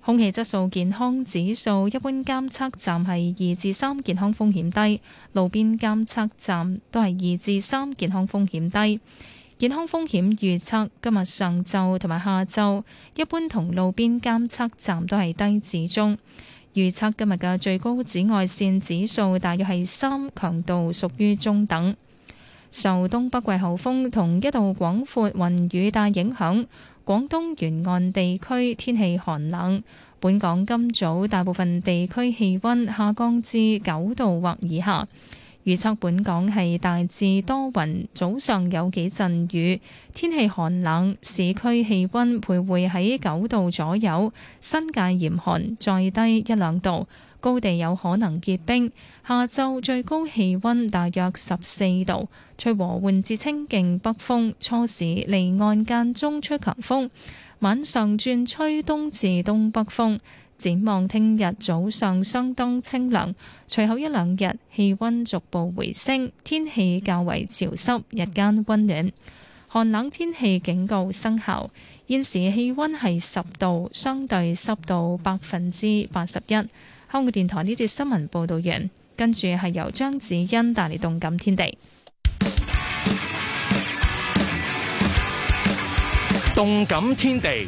空氣質素健康指數，一般監測站係二至三，健康風險低；路邊監測站都係二至三，健康風險低。健康風險預測，今日上晝同埋下晝，一般同路邊監測站都係低至中。預測今日嘅最高紫外線指數大約係三，強度屬於中等。受東北季候風同一道廣闊雲雨帶影響，廣東沿岸地區天氣寒冷。本港今早大部分地區氣溫下降至九度或以下。預測本港係大致多雲，早上有幾陣雨，天氣寒冷，市區氣溫徘徊喺九度左右，新界嚴寒，再低一兩度，高地有可能結冰。下晝最高氣溫大約十四度，吹和緩至清勁北風，初時離岸間中吹強風，晚上轉吹東至東北風。展望聽日早上相當清涼，隨後一兩日，氣溫逐步回升，天氣較為潮濕，日間溫暖。寒冷天氣警告生效，現時氣溫係十度，相對濕度百分之八十一。香港電台呢節新聞報道完，跟住係由張子欣帶嚟動感天地。動感天地。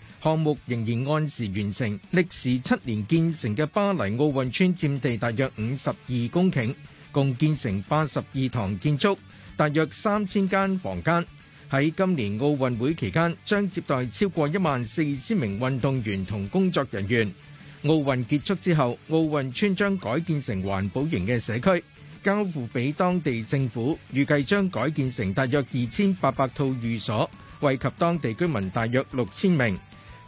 項目仍然按時完成，歷時七年建成嘅巴黎奧運村佔地大約五十二公頃，共建成八十二幢建築，大約三千間房間。喺今年奧運會期間，將接待超過一萬四千名運動員同工作人員。奧運結束之後，奧運村將改建成環保型嘅社區，交付俾當地政府，預計將改建成大約二千八百套寓所，惠及當地居民大約六千名。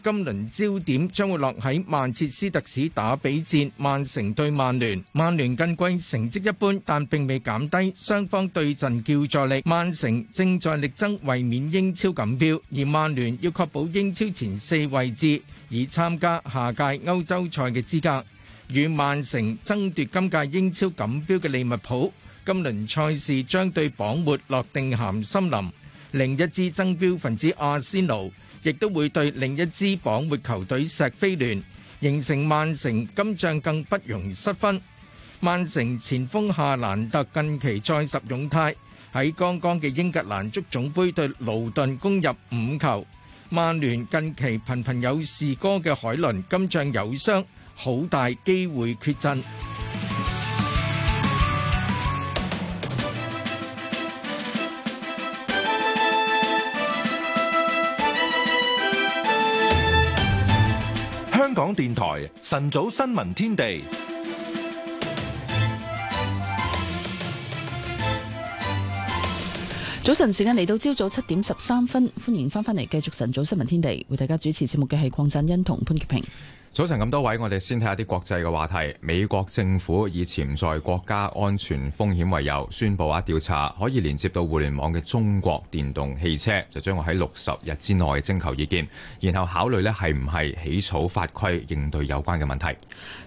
今輪焦點將會落喺曼徹斯特市打比戰，曼城對曼聯。曼聯近季成績一般，但並未減低雙方對陣叫座力。曼城正在力爭衛冕英超錦標，而曼聯要確保英超前四位置，以參加下屆歐洲賽嘅資格。與曼城爭奪今屆英超錦標嘅利物浦，今輪賽事將對榜末諾定咸森林。另一支爭標分子阿仙奴。亦都會對另一支榜末球隊錫菲聯，形成曼城今仗更不容失分。曼城前鋒夏蘭特近期再拾勇態，喺剛剛嘅英格蘭足總杯對勞頓攻入五球。曼聯近期頻頻有士哥嘅賀伊倫今仗有傷，好大機會缺陣。港電台晨早新聞天地，早晨時間嚟到朝早七點十三分，歡迎翻返嚟繼續晨早新聞天地，為大家主持節目嘅係鄺振欣同潘潔平。早晨，咁多位，我哋先睇下啲國際嘅話題。美國政府以潛在國家安全風險為由，宣布啊調查，可以連接到互聯網嘅中國電動汽車，就將會喺六十日之內徵求意見，然後考慮咧係唔係起草法規應對有關嘅問題。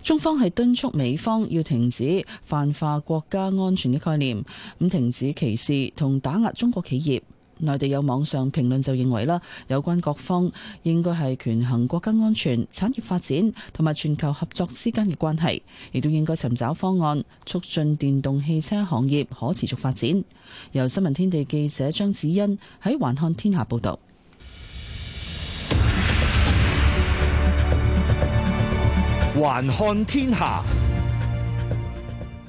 中方係敦促美方要停止泛化國家安全嘅概念，咁停止歧視同打壓中國企業。內地有網上評論就認為啦，有關各方應該係權衡國家安全、產業發展同埋全球合作之間嘅關係，亦都應該尋找方案，促進電動汽車行業可持續發展。由新聞天地記者張子欣喺《環看天下》報道。環看天下。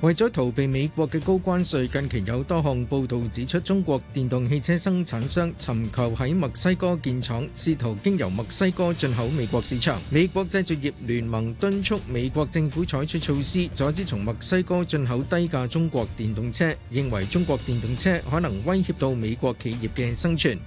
為咗逃避美國嘅高關稅，近期有多項報道指出，中國電動汽車生產商尋求喺墨西哥建廠，試圖經由墨西哥進口美國市場。美國製造業聯盟敦促美國政府採取措施，阻止從墨西哥進口低價中國電動車，認為中國電動車可能威脅到美國企業嘅生存。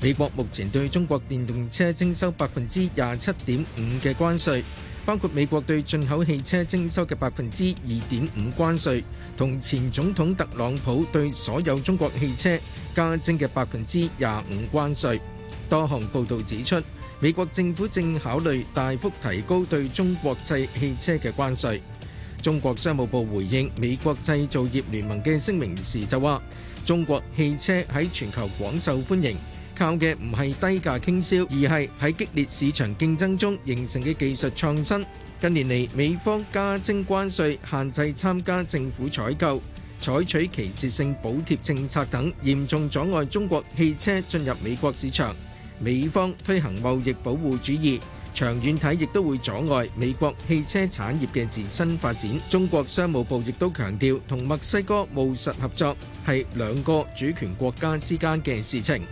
美國目前對中國電動車徵收百分之廿七點五嘅關稅。包括美國對進口汽車徵收嘅百分之二點五關稅，同前總統特朗普對所有中國汽車加徵嘅百分之廿五關稅。多項報道指出，美國政府正考慮大幅提高對中國製汽車嘅關稅。中國商務部回應美國製造業聯盟嘅聲明時就話，中國汽車喺全球廣受歡迎。靠嘅唔係低價傾銷，而係喺激烈市場競爭中形成嘅技術創新。近年嚟，美方加徵關稅、限制參加政府採購，採取歧視性補貼政策等，嚴重阻礙中國汽車進入美國市場。美方推行貿易保護主義，長遠睇亦都會阻礙美國汽車產業嘅自身發展。中國商務部亦都強調同墨西哥務實合作係兩個主權國家之間嘅事情。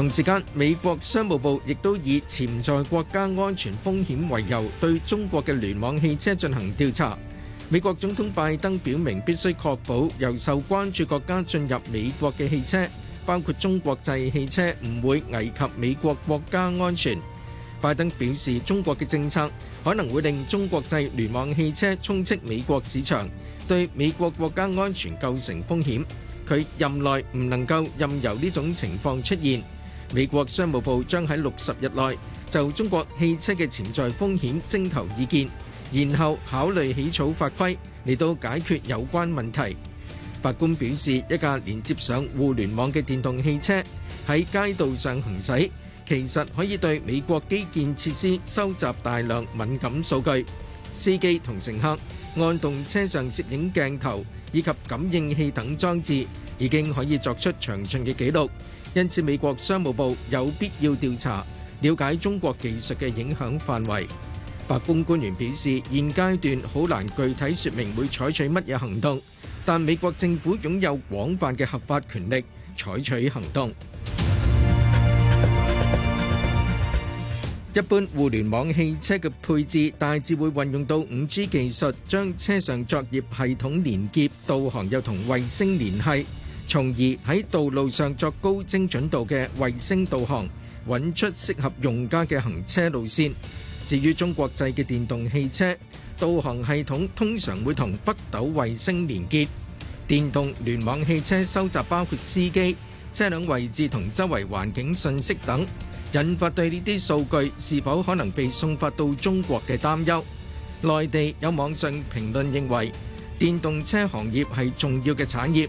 同時間，美國商務部亦都以潛在國家安全風險為由，對中國嘅聯網汽車進行調查。美國總統拜登表明，必須確保由受關注國家進入美國嘅汽車，包括中國製汽車，唔會危及美國國家安全。拜登表示，中國嘅政策可能會令中國製聯網汽車充斥美國市場，對美國國家安全構成風險。佢任內唔能夠任由呢種情況出現。美國商務部將喺六十日內就中國汽車嘅潛在風險徵求意見，然後考慮起草法規嚟到解決有關問題。法官表示，一架連接上互聯網嘅電動汽車喺街道上行駛，其實可以對美國基建設施收集大量敏感數據。司機同乘客按動車上攝影鏡頭以及感應器等裝置，已經可以作出詳盡嘅記錄。因此，美國商務部有必要調查了解中國技術嘅影響範圍。白宮官員表示，現階段好難具體説明會採取乜嘢行動，但美國政府擁有廣泛嘅合法權力採取行動。一般互聯網汽車嘅配置大致會運用到五 G 技術，將車上作業系統連接導航，又同衛星聯繫。.從而喺道路上作高精準度嘅衛星導航，揾出適合用家嘅行車路線。至於中國製嘅電動汽車，導航系統通常會同北斗衛星連結。電動聯網汽車收集包括司機、車輛位置同周圍環境信息等，引發對呢啲數據是否可能被送發到中國嘅擔憂。內地有網上評論認為，電動車行業係重要嘅產業。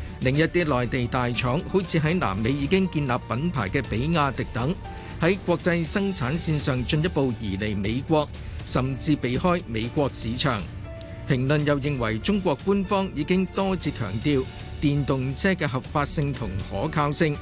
另一啲內地大廠，好似喺南美已經建立品牌嘅比亞迪等，喺國際生產線上進一步移離美國，甚至避開美國市場。評論又認為，中國官方已經多次強調電動車嘅合法性同可靠性，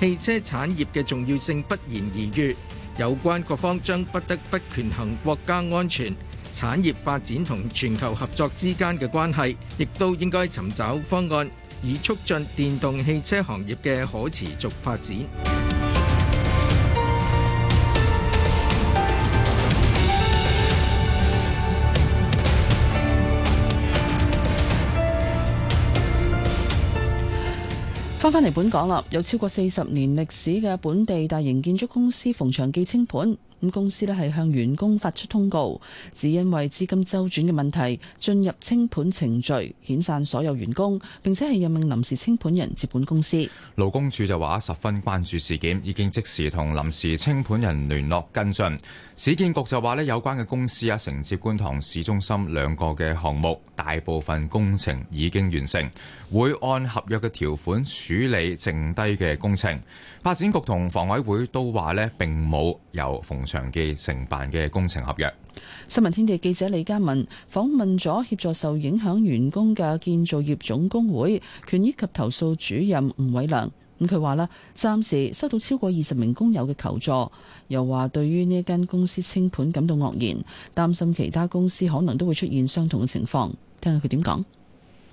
汽車產業嘅重要性不言而喻。有關各方將不得不權衡國家安全、產業發展同全球合作之間嘅關係，亦都應該尋找方案。以促進電動汽車行業嘅可持續發展。翻返嚟本港啦，有超過四十年歷史嘅本地大型建築公司馮祥記清盤。咁公司呢，係向員工發出通告，只因為資金周轉嘅問題進入清盤程序，遣散所有員工，並且係任命臨時清盤人接管公司。勞工處就話十分關注事件，已經即時同臨時清盤人聯絡跟進。市建局就話，呢有關嘅公司啊，承接觀塘市中心兩個嘅項目，大部分工程已經完成，會按合約嘅條款處理剩低嘅工程。發展局同房委會都話咧，並冇由馮祥記承辦嘅工程合約。新聞天地記者李嘉文訪問咗協助受影響員工嘅建造業總工會權益及投訴主任吳偉良，咁佢話啦，暫時收到超過二十名工友嘅求助，又話對於呢一間公司清盤感到愕然，擔心其他公司可能都會出現相同嘅情況。聽下佢點講。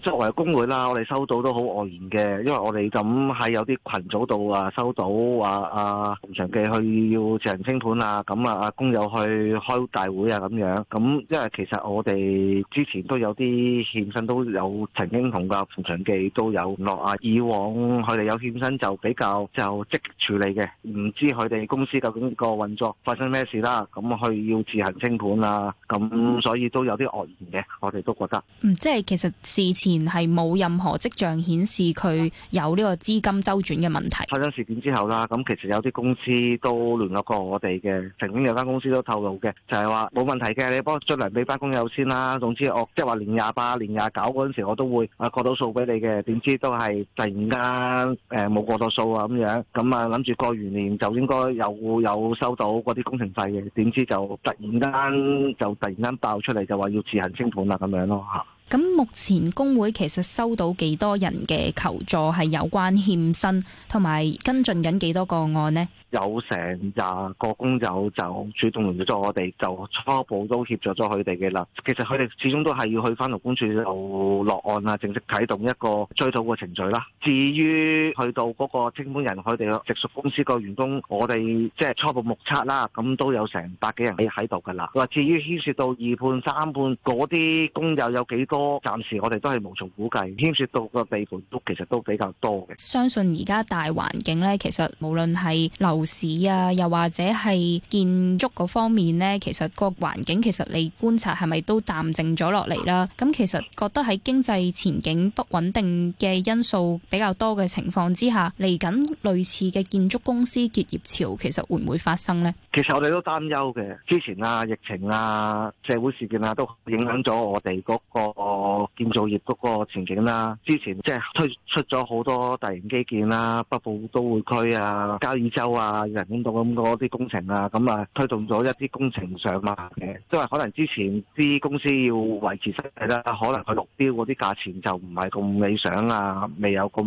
作為工會啦，我哋收到都好愕然嘅，因為我哋咁喺有啲群組度啊，收到話啊，馮長記去要自行清盤啊，咁啊阿工友去開大會啊咁樣，咁因為其實我哋之前都有啲欠薪，都有曾經同個馮長記都有落啊，以往佢哋有欠薪，就比較就積極處理嘅，唔知佢哋公司究竟個運作發生咩事啦，咁、啊、佢、啊、要自行清盤啊，咁所以都有啲愕然嘅，我哋都覺得，嗯，即係其實事前。然係冇任何跡象顯示佢有呢個資金周轉嘅問題。發生事件之後啦，咁其實有啲公司都聯絡過我哋嘅，曾經有間公司都透露嘅，就係話冇問題嘅，你幫我出糧俾返工友先啦。總之我即係話年廿八，年廿九嗰陣時我都會啊過到數俾你嘅。點知都係突然間誒冇過到數啊，咁樣，咁啊諗住過完年就應該有有收到嗰啲工程費嘅，點知就突然間就突然間爆出嚟就話要自行清盤啦咁樣咯嚇。咁目前工會其實收到幾多人嘅求助，係有關欠薪，同埋跟進緊幾多個案呢？有成廿個工友就主動聯繫咗我哋，就初步都協助咗佢哋嘅啦。其實佢哋始終都係要去翻勞工處度落案啊，正式啟動一個追討嘅程序啦。至於去到嗰個清盤人佢哋直屬公司個員工，我哋即係初步目測啦，咁都有成百幾人喺喺度噶啦。話至於牽涉到二判三判嗰啲工友有幾多，暫時我哋都係無從估計。牽涉到個地盤都其實都比較多嘅。相信而家大環境咧，其實無論係樓市啊，又或者係建築嗰方面咧，其實個環境其實你觀察係咪都淡靜咗落嚟啦？咁其實覺得喺經濟前景不穩定嘅因素比較多嘅情況之下，嚟緊類似嘅建築公司結業潮，其實會唔會發生咧？其實我哋都擔憂嘅。之前啊，疫情啊，社會事件啊，都影響咗我哋嗰、那個、哦、建造業嗰個前景啦、啊。之前即係推出咗好多大型基建啦、啊，北部都會區啊，交椅洲啊。啊人工多咁多啲工程啊，咁啊推動咗一啲工程上嘛嘅，即係可能之前啲公司要維持生計啦，可能佢落標嗰啲價錢就唔係咁理想啊，未有咁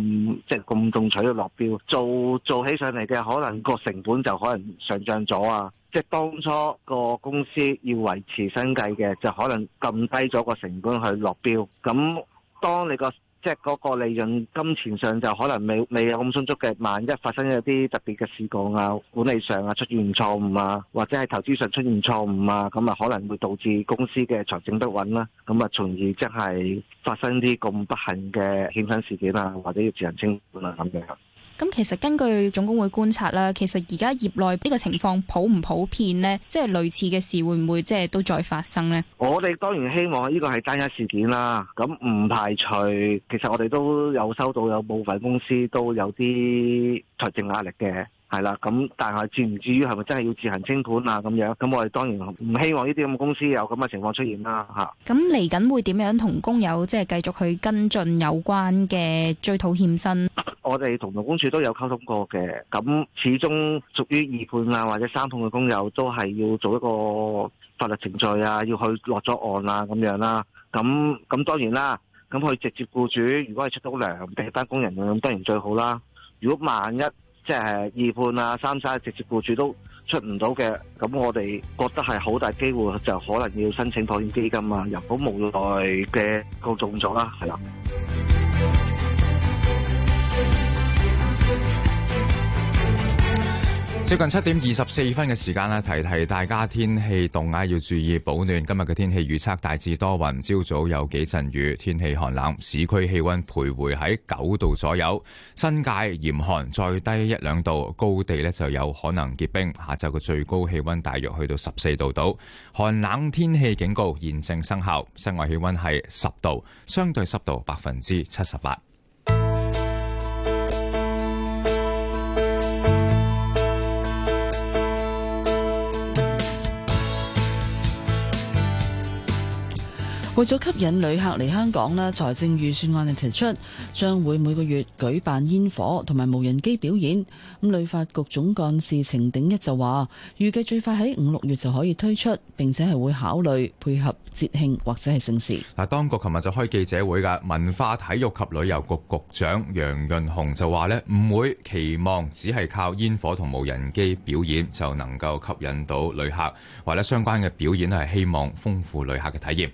即係咁中取嘅落標，做做起上嚟嘅可能個成本就可能上漲咗啊，即係當初個公司要維持生計嘅，就可能撳低咗個成本去落標，咁當你個。即係嗰個利潤、金錢上就可能未未有咁充足嘅，萬一發生一啲特別嘅事故啊、管理上啊出現錯誤啊，或者係投資上出現錯誤啊，咁啊可能會導致公司嘅財政不穩啦，咁啊從而即係發生啲咁不幸嘅欠薪事件啊，或者要自行清盤啊咁樣。咁其實根據總工會觀察啦，其實而家業內呢個情況普唔普遍咧？即係類似嘅事會唔會即係都再發生咧？我哋當然希望呢個係單一事件啦，咁唔排除，其實我哋都有收到有部分公司都有啲財政壓力嘅。係啦，咁但係至唔至於係咪真係要自行清盤啊？咁樣，咁我哋當然唔希望呢啲咁嘅公司有咁嘅情況出現啦、啊。嚇！咁嚟緊會點樣同工友即係繼續去跟進有關嘅追討欠薪？我哋同勞工處都有溝通過嘅。咁始終屬於二判啊或者三判嘅工友，都係要做一個法律程序啊，要去落咗案啊咁樣啦、啊。咁咁當然啦。咁可以直接僱主如果係出到糧俾班工人，咁當然最好啦。如果萬一即係二判啊、三判、啊、直接僱主都出唔到嘅，咁我哋覺得係好大機會，就可能要申請保險基金啊！入保無奈嘅告中咗啦，係啦。接近七點二十四分嘅時間啦，提提大家天氣凍啊，要注意保暖。今日嘅天氣預測大致多雲，朝早有幾陣雨，天氣寒冷。市區氣溫徘徊喺九度左右，新界嚴寒，再低一兩度，高地呢就有可能結冰。下晝嘅最高氣溫大約去到十四度度，寒冷天氣警告現正生效。室外氣溫係十度，相對濕度百分之七十八。為咗吸引旅客嚟香港咧，財政預算案就提出將會每個月舉辦煙火同埋無人機表演。咁旅發局總幹事程鼎一就話，預計最快喺五六月就可以推出，並且係會考慮配合節慶或者係盛事。嗱，當局琴日就開記者會噶文化、體育及旅遊局局，局長楊潤雄就話咧，唔會期望只係靠煙火同無人機表演就能夠吸引到旅客，或者相關嘅表演咧係希望豐富旅客嘅體驗。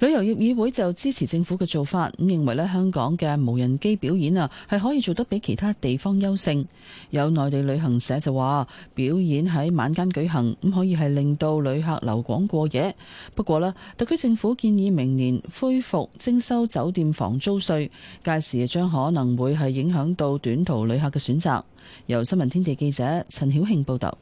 旅遊業議會就支持政府嘅做法，咁認為咧香港嘅無人機表演啊係可以做得比其他地方優勝。有內地旅行社就話，表演喺晚間舉行，咁可以係令到旅客留港過夜。不過咧，特區政府建議明年恢復徵收酒店房租稅，屆時將可能會係影響到短途旅客嘅選擇。由新聞天地記者陳曉慶報道。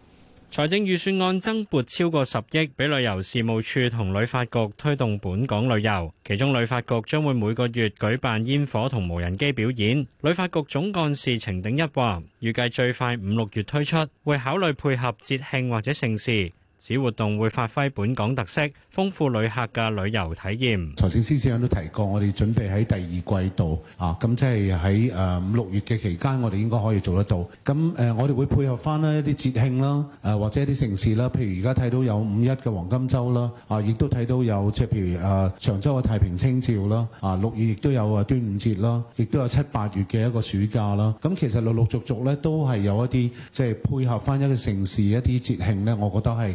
財政預算案增撥超過十億，畀旅遊事務處同旅發局推動本港旅遊。其中旅發局將會每個月舉辦煙火同無人機表演。旅發局總幹事程定一話程鼎一，預計最快五六月推出，會考慮配合節慶或者盛事。此活動會發揮本港特色，豐富旅客嘅旅遊體驗。財政司司長都提過，我哋準備喺第二季度啊，咁即係喺誒五六月嘅期間，我哋應該可以做得到。咁、啊、誒，我哋會配合返一啲節慶啦，誒、啊、或者一啲城市啦，譬如而家睇到有五一嘅黃金周啦，啊亦都睇到有即係譬如誒、啊、長洲嘅太平清醮啦，啊六月亦都有誒端午節啦，亦、啊、都有七八月嘅一個暑假啦。咁、啊、其實陸陸續續咧都係有一啲即係配合返一個城市一啲節慶咧，我覺得係。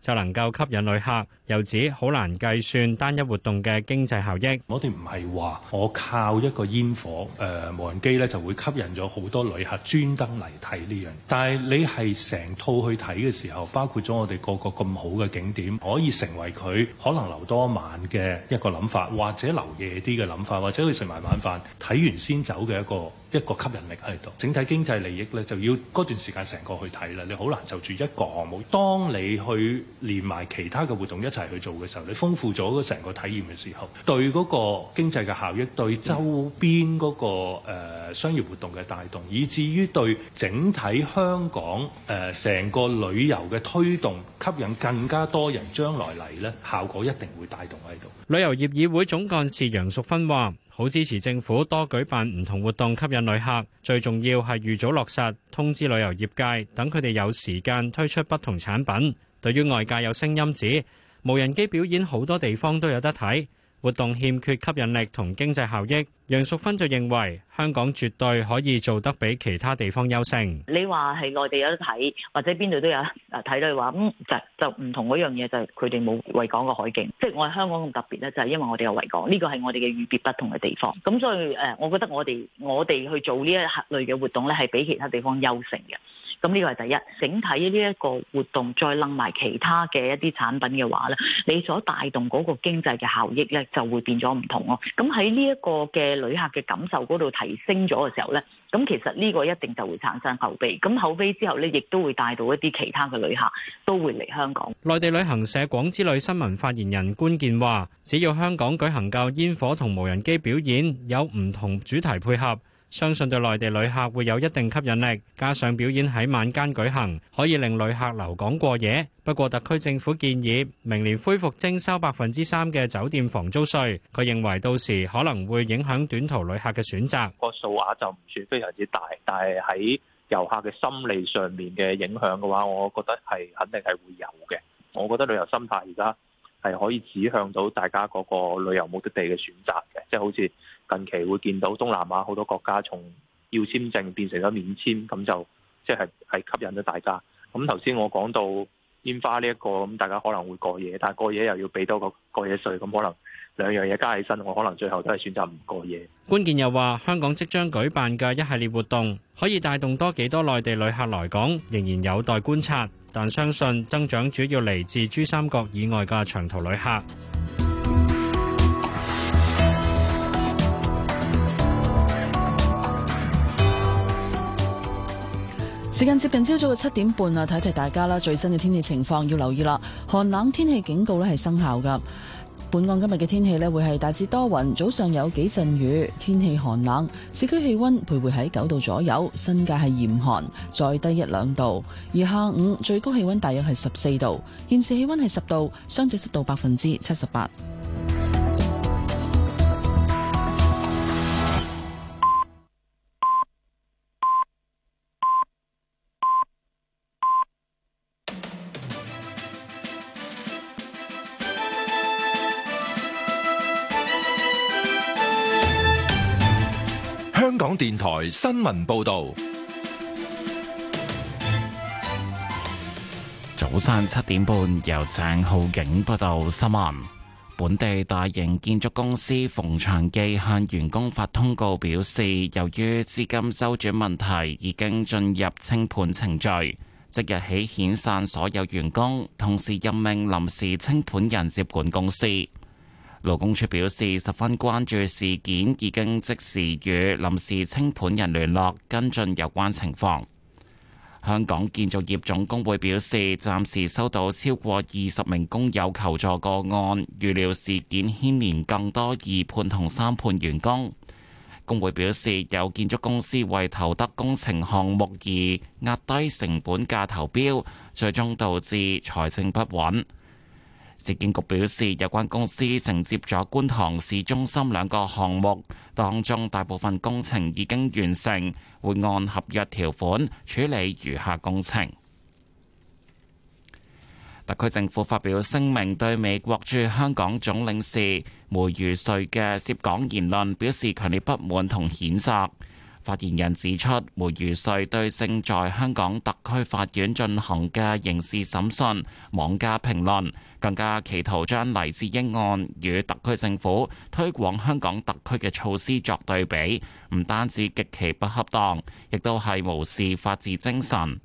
就能夠吸引旅客。又指好難計算單一活動嘅經濟效益。我哋唔係話我靠一個煙火誒、呃、無人機咧，就會吸引咗好多旅客專登嚟睇呢樣。但係你係成套去睇嘅時候，包括咗我哋個個咁好嘅景點，可以成為佢可能留多晚嘅一個諗法，或者留夜啲嘅諗法，或者去食埋晚飯睇完先走嘅一個。一個吸引力喺度，整體經濟利益呢，就要嗰段時間成個去睇啦。你好難就住一個項目，當你去連埋其他嘅活動一齊去做嘅時候，你豐富咗個成個體驗嘅時候，對嗰個經濟嘅效益，對周邊嗰個、呃、商業活動嘅帶動，以至於對整體香港誒成個旅遊嘅推動，吸引更加多人將來嚟呢，效果一定會帶動喺度。旅遊業議會總幹事楊淑芬話，好支持政府多舉辦唔同活動吸引旅客，最重要係預早落實，通知旅遊業界，等佢哋有時間推出不同產品。對於外界有聲音指，無人機表演好多地方都有得睇，活動欠缺吸引力同經濟效益，楊淑芬就認為香港絕對可以做得比其他地方優勝。你話係內地有得睇，或者邊度都有啊，睇到話咁就就唔同嗰樣嘢，就係佢哋冇維港嘅海景，即係我喺香港咁特別咧，就係因為我哋有維港，呢個係我哋嘅與別不同嘅地方。咁所以誒，我覺得我哋我哋去做呢一類嘅活動咧，係比其他地方優勝嘅。咁呢個係第一，整體呢一個活動再掹埋其他嘅一啲產品嘅話咧，你所帶動嗰個經濟嘅效益咧，就會變咗唔同咯。咁喺呢一個嘅旅客嘅感受嗰度提升咗嘅時候咧，咁其實呢個一定就會產生口碑。咁口碑之後咧，亦都會帶到一啲其他嘅旅客都會嚟香港。內地旅行社廣之旅新聞發言人官健話：只要香港舉行夠煙火同無人機表演，有唔同主題配合。相信對內地旅客會有一定吸引力，加上表演喺晚間舉行，可以令旅客留港過夜。不過，特區政府建議明年恢復徵收百分之三嘅酒店房租稅，佢認為到時可能會影響短途旅客嘅選擇。個數額就唔算非常之大，但係喺遊客嘅心理上面嘅影響嘅話，我覺得係肯定係會有嘅。我覺得旅遊心態而家係可以指向到大家嗰個旅遊目的地嘅選擇嘅，即係好似，近期會見到東南亞好多國家從要簽證變成咗免簽，咁就即係係吸引咗大家。咁頭先我講到煙花呢、這、一個，咁大家可能會過夜，但過夜又要俾多個過夜稅，咁可能兩樣嘢加起身，我可能最後都係選擇唔過夜。關鍵又話，香港即將舉辦嘅一系列活動，可以帶動多幾多內地旅客來港，仍然有待觀察，但相信增長主要嚟自珠三角以外嘅長途旅客。時間接近朝早嘅七點半啊，提一提大家啦，最新嘅天氣情況要留意啦。寒冷天氣警告咧係生效噶本港今日嘅天氣咧會係大致多雲，早上有幾陣雨，天氣寒冷，市區氣溫徘徊喺九度左右，新界係嚴寒，再低一兩度。而下午最高氣溫大約係十四度，現時氣溫係十度，相對濕度百分之七十八。電台新聞報道，早上七點半由鄭浩景報道新聞。本地大型建築公司馮長記向員工發通告表示，由於資金周轉問題，已經進入清盤程序，即日起遣散所有員工，同時任命臨時清盤人接管公司。勞工處表示十分關注事件，已經即時與臨時清盤人聯絡跟進有關情況。香港建造業總工會表示，暫時收到超過二十名工友求助個案，預料事件牽連更多二判同三判員工。工會表示，有建築公司為投得工程項目而壓低成本價投標，最終導致財政不穩。市建局表示，有關公司承接咗觀塘市中心兩個項目，當中大部分工程已經完成，會按合約條款處理餘下工程。特區政府發表聲明，對美國駐香港總領事梅儒瑞嘅涉港言論表示強烈不滿同譴責。發言人指出，梅如瑞對正在香港特區法院進行嘅刑事審訊妄加評論，更加企圖將黎智英案與特區政府推廣香港特區嘅措施作對比，唔單止極其不恰當，亦都係無視法治精神。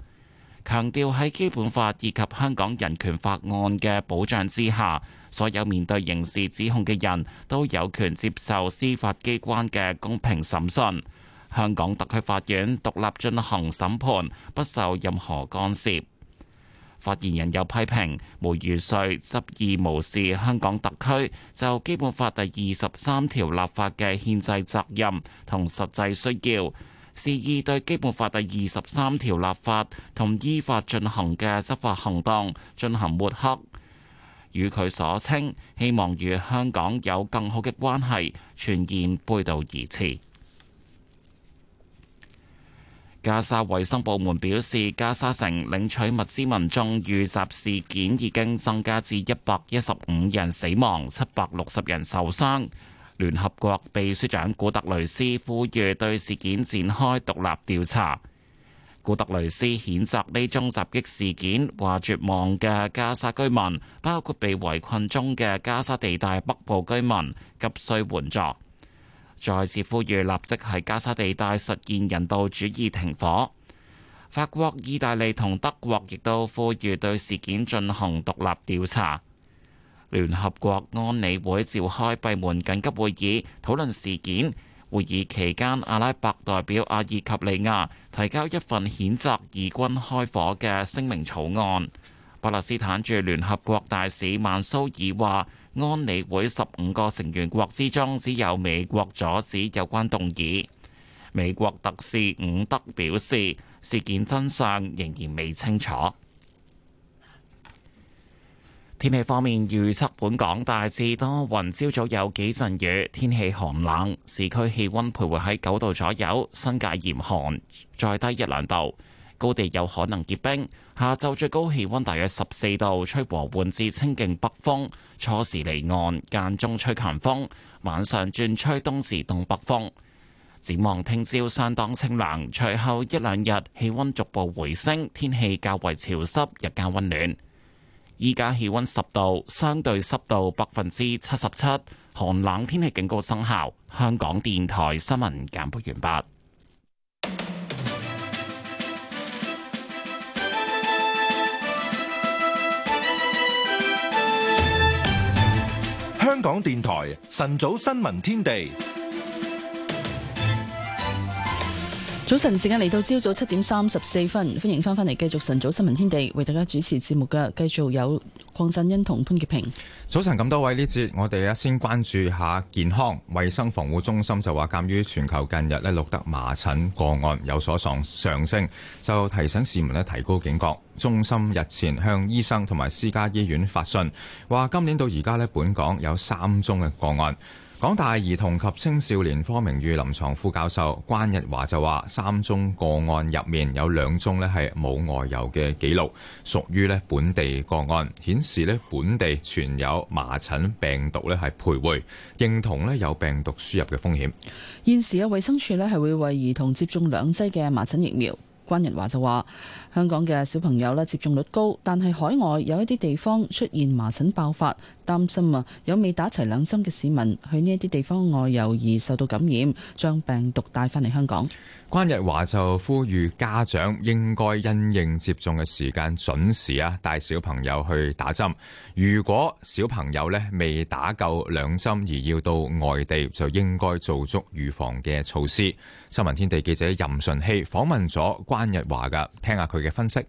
強調喺基本法以及香港人權法案嘅保障之下，所有面對刑事指控嘅人都有權接受司法機關嘅公平審訊。香港特區法院獨立進行審判，不受任何干涉。發言人又批評梅宇瑞執意無視香港特區就《基本法》第二十三條立法嘅憲制責任同實際需要，肆意對《基本法》第二十三條立法同依法進行嘅執法行動進行抹黑，與佢所稱希望與香港有更好嘅關係，全然背道而馳。加沙衛生部門表示，加沙城領取物資民眾遇襲事件已經增加至一百一十五人死亡、七百六十人受傷。聯合國秘書長古特雷斯呼籲對事件展開獨立調查。古特雷斯譴責呢宗襲擊事件，話絕望嘅加沙居民，包括被圍困中嘅加沙地帶北部居民，急需援助。再次呼籲立即喺加沙地帶實現人道主義停火。法國、意大利同德國亦都呼籲對事件進行獨立調查。聯合國安理會召開閉門緊急會議，討論事件。會議期間，阿拉伯代表阿爾及利亞提交一份譴責以軍開火嘅聲明草案。巴勒斯坦駐聯合國大使曼蘇爾話。安理會十五個成員國之中，只有美國阻止有關動議。美國特使伍德表示，事件真相仍然未清楚。天氣方面預測，預測本港大致多雲，朝早有幾陣雨，天氣寒冷，市區氣溫徘徊喺九度左右，新界嚴寒，再低一兩度。高地有可能結冰，下晝最高氣溫大約十四度，吹和緩至清勁北風，初時離岸，間中吹強風，晚上轉吹東至東北風，展望聽朝相當清涼，隨後一兩日氣溫逐步回升，天氣較為潮濕，日間溫暖。依家氣溫十度，相對濕度百分之七十七，寒冷天氣警告生效。香港電台新聞簡報完畢。香港電台晨早新聞天地。早晨，時間嚟到朝早七點三十四分，歡迎翻返嚟，繼續晨早新聞天地，為大家主持節目嘅繼續有鄺振英同潘潔平。早晨咁多位，呢節我哋啊先關注下健康衛生防護中心就話，鑒於全球近日呢錄得麻疹個案有所上上升，就提醒市民呢提高警覺。中心日前向醫生同埋私家醫院發信，話今年到而家呢，本港有三宗嘅個案。港大兒童及青少年科名譽臨床副教授關日華就話：三宗個案入面有兩宗咧係冇外遊嘅記錄，屬於咧本地個案，顯示咧本地存有麻疹病毒咧係徘徊，認同咧有病毒輸入嘅風險。現時啊，衛生署咧係會為兒童接種兩劑嘅麻疹疫苗。關日華就話。香港嘅小朋友咧接種率高，但係海外有一啲地方出現麻疹爆發，擔心啊有未打齊兩針嘅市民去呢一啲地方外遊而受到感染，將病毒帶翻嚟香港。關日華就呼籲家長應該因應接種嘅時間準時啊帶小朋友去打針。如果小朋友咧未打夠兩針而要到外地，就應該做足預防嘅措施。新聞天地記者任順希訪問咗關日華噶，聽下佢。嘅分析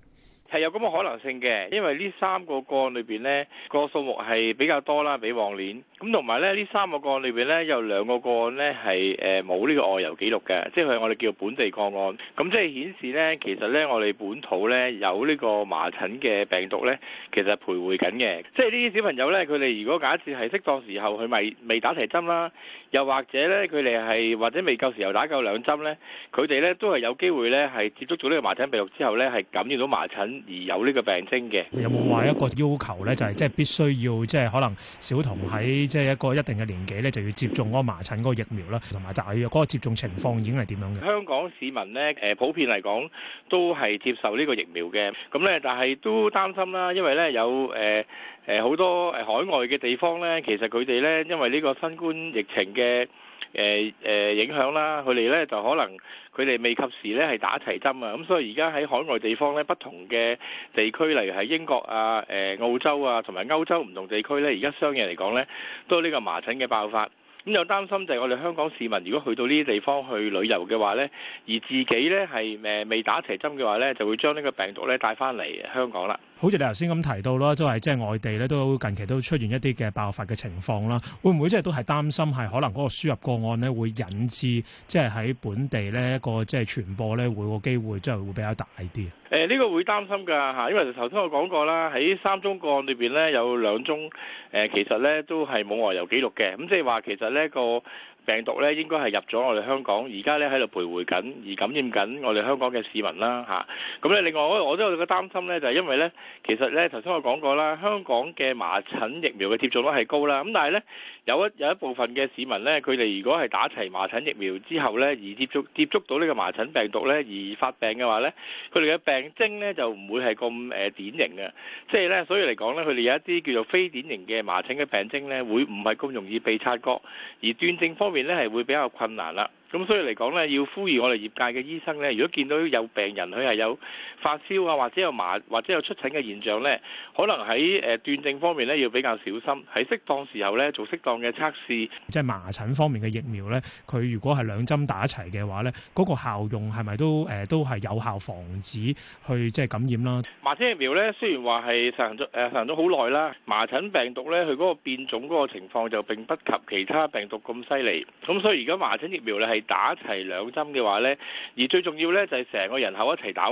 係有咁嘅可能性嘅，因為呢三個個案裏邊呢個數目係比較多啦，比往年咁同埋咧呢三個個案裏邊呢，有兩個個案呢係誒冇呢個外遊記錄嘅，即係我哋叫本地個案，咁即係顯示呢，其實呢我哋本土呢有呢個麻疹嘅病毒呢，其實徘徊緊嘅，即係呢啲小朋友呢，佢哋如果假設係適當時候佢咪未打齊針啦。又或者咧，佢哋係或者未夠時又打夠兩針咧，佢哋咧都係有機會咧係接觸到呢個麻疹病毒之後咧，係感染到麻疹而有呢個病徵嘅。有冇話一個要求咧，就係即係必須要即係可能小童喺即係一個一定嘅年紀咧，就要接種嗰個麻疹嗰個疫苗啦，同埋就係嗰個接種情況已經係點樣嘅？香港市民咧，誒普遍嚟講都係接受呢個疫苗嘅，咁咧但係都擔心啦，因為咧有誒。誒好多誒海外嘅地方咧，其實佢哋咧，因為呢個新冠疫情嘅誒誒影響啦，佢哋咧就可能佢哋未及時咧係打齊針啊，咁所以而家喺海外地方咧，不同嘅地區，例如係英國啊、誒澳洲啊同埋歐洲唔同地區咧，而家相應嚟講咧，都有呢個麻疹嘅爆發。咁有擔心就係我哋香港市民如果去到呢啲地方去旅遊嘅話咧，而自己咧係誒未打齊針嘅話咧，就會將呢個病毒咧帶返嚟香港啦。好似你頭先咁提到啦，都係即係外地咧，都近期都出現一啲嘅爆發嘅情況啦。會唔會即係都係擔心係可能嗰個輸入個案咧會引致即係喺本地呢一個即係傳播咧會個機會即係會比較大啲？誒、呃，呢、呢個會擔心㗎嚇，因為頭先我講過啦，喺三宗個案裏邊咧有兩宗誒、呃，其實咧都係冇外遊記錄嘅，咁即係話其實呢個。病毒咧應該係入咗我哋香港，而家咧喺度徘徊緊，而感染緊我哋香港嘅市民啦嚇。咁咧另外，我我都有個擔心咧，就係因為咧，其實咧頭先我講過啦，香港嘅麻疹疫苗嘅接種率係高啦。咁但係咧有一有一部分嘅市民咧，佢哋如果係打齊麻疹疫苗之後咧，而接觸接觸到呢個麻疹病毒咧，而發病嘅話咧，佢哋嘅病徵咧就唔會係咁誒典型嘅，即係咧，所以嚟講咧，佢哋有一啲叫做非典型嘅麻疹嘅病徵咧，會唔係咁容易被察覺而斷症方。呢邊咧係會比較困難啦。 [noise] 咁所以嚟講咧，要呼籲我哋業界嘅醫生咧，如果見到有病人佢係有發燒啊，或者有麻或者有出疹嘅現象咧，可能喺誒、呃、斷症方面咧，要比較小心，喺適當時候咧做適當嘅測試，即係麻疹方面嘅疫苗咧，佢如果係兩針打一齊嘅話咧，嗰、嗰個效用係咪都誒、呃、都係有效防止去即係感染啦？麻疹疫苗咧，雖然話係實行咗誒實行咗好耐啦，麻疹病毒咧，佢嗰個變種嗰個情況就並不及其他病毒咁犀利，咁所以而家麻疹疫苗咧係係打齊兩針嘅話咧，而最重要咧就係成個人口一齊打，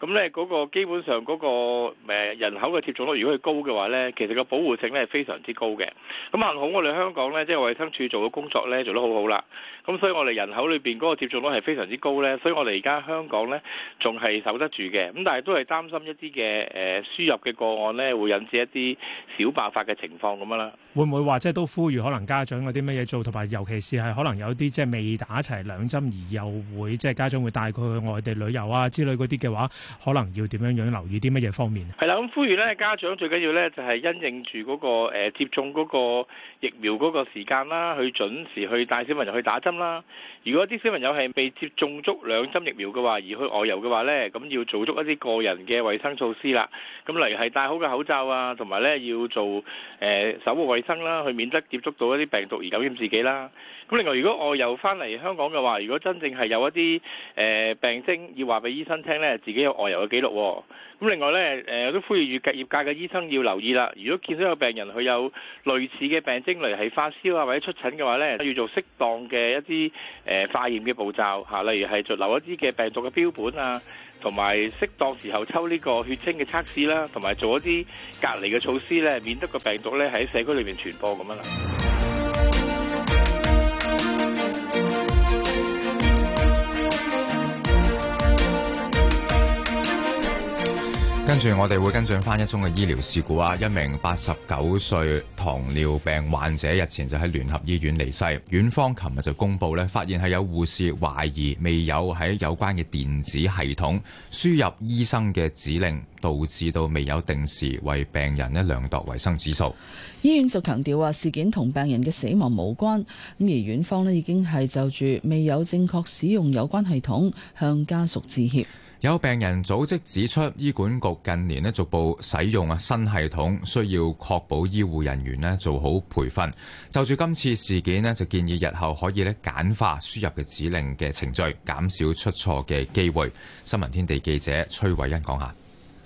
咁咧嗰個基本上嗰個誒人口嘅接種率如果佢高嘅話咧，其實個保護性咧係非常之高嘅。咁幸好我哋香港咧，即係衞生署做嘅工作咧，做得好好啦。咁所以我哋人口裏邊嗰個接種率係非常之高咧，所以我哋而家香港咧仲係守得住嘅。咁但係都係擔心一啲嘅誒輸入嘅個案咧，會引致一啲小爆發嘅情況咁樣啦。會唔會話即係都呼籲可能家長有啲乜嘢做，同埋尤其是係可能有啲即係未打打齊兩針，而又會即係家長會帶佢去外地旅遊啊之類嗰啲嘅話，可能要點樣樣留意啲乜嘢方面？係啦，咁呼籲咧，家長最緊要咧就係因應住嗰個誒接種嗰個疫苗嗰個時間啦，去準時去帶小朋友去打針啦。如果啲小朋友係未接種足兩針疫苗嘅話，而去外遊嘅話咧，咁要做足一啲個人嘅衛生措施啦。咁例如係戴好嘅口罩啊，同埋咧要做誒手部衛生啦，去免得接觸到一啲病毒而感染自己啦。咁另外，如果外遊翻嚟香港嘅話，如果真正係有一啲誒、呃、病徵要話俾醫生聽咧，自己有外遊嘅記錄、哦。咁另外咧，誒、呃、都呼籲業界嘅醫生要留意啦。如果見到有病人佢有類似嘅病徵嚟，係發燒啊或者出診嘅話咧，要做適當嘅一啲誒、呃、化驗嘅步驟吓、啊，例如係就留一啲嘅病毒嘅標本啊，同埋適當時候抽呢個血清嘅測試啦，同、啊、埋做一啲隔離嘅措施咧、啊，免得個病毒咧喺社區裏面傳播咁樣啦。啊啊跟住我哋會跟進翻一宗嘅醫療事故啊，一名八十九歲糖尿病患者日前就喺聯合醫院離世。院方琴日就公布呢，發現係有護士懷疑未有喺有關嘅電子系統輸入醫生嘅指令，導致到未有定時為病人咧量度維生指數。醫院就強調話、啊、事件同病人嘅死亡冇關。咁而院方呢已經係就住未有正確使用有關系統，向家屬致歉。有病人組織指出，醫管局近年咧逐步使用啊新系統，需要確保醫護人員咧做好培訓。就住今次事件咧，就建議日後可以咧簡化輸入嘅指令嘅程序，減少出錯嘅機會。新聞天地記者崔偉恩講下。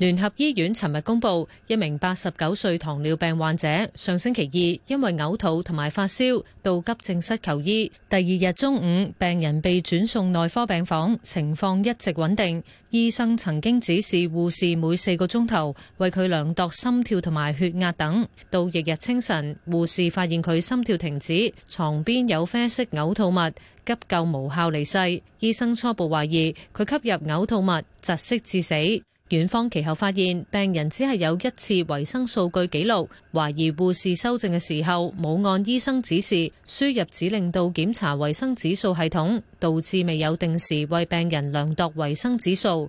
聯合醫院尋日公布，一名八十九歲糖尿病患者上星期二因為嘔吐同埋發燒到急症室求醫。第二日中午，病人被轉送內科病房，情況一直穩定。醫生曾經指示護士每四個鐘頭為佢量度心跳同埋血壓等。到翌日清晨，護士發現佢心跳停止，床邊有啡色嘔吐物，急救無效離世。醫生初步懷疑佢吸入嘔吐物窒息致死。院方其後發現，病人只係有一次維生數據記錄，懷疑護士修正嘅時候冇按醫生指示輸入指令到檢查維生指數系統，導致未有定時為病人量度維生指數。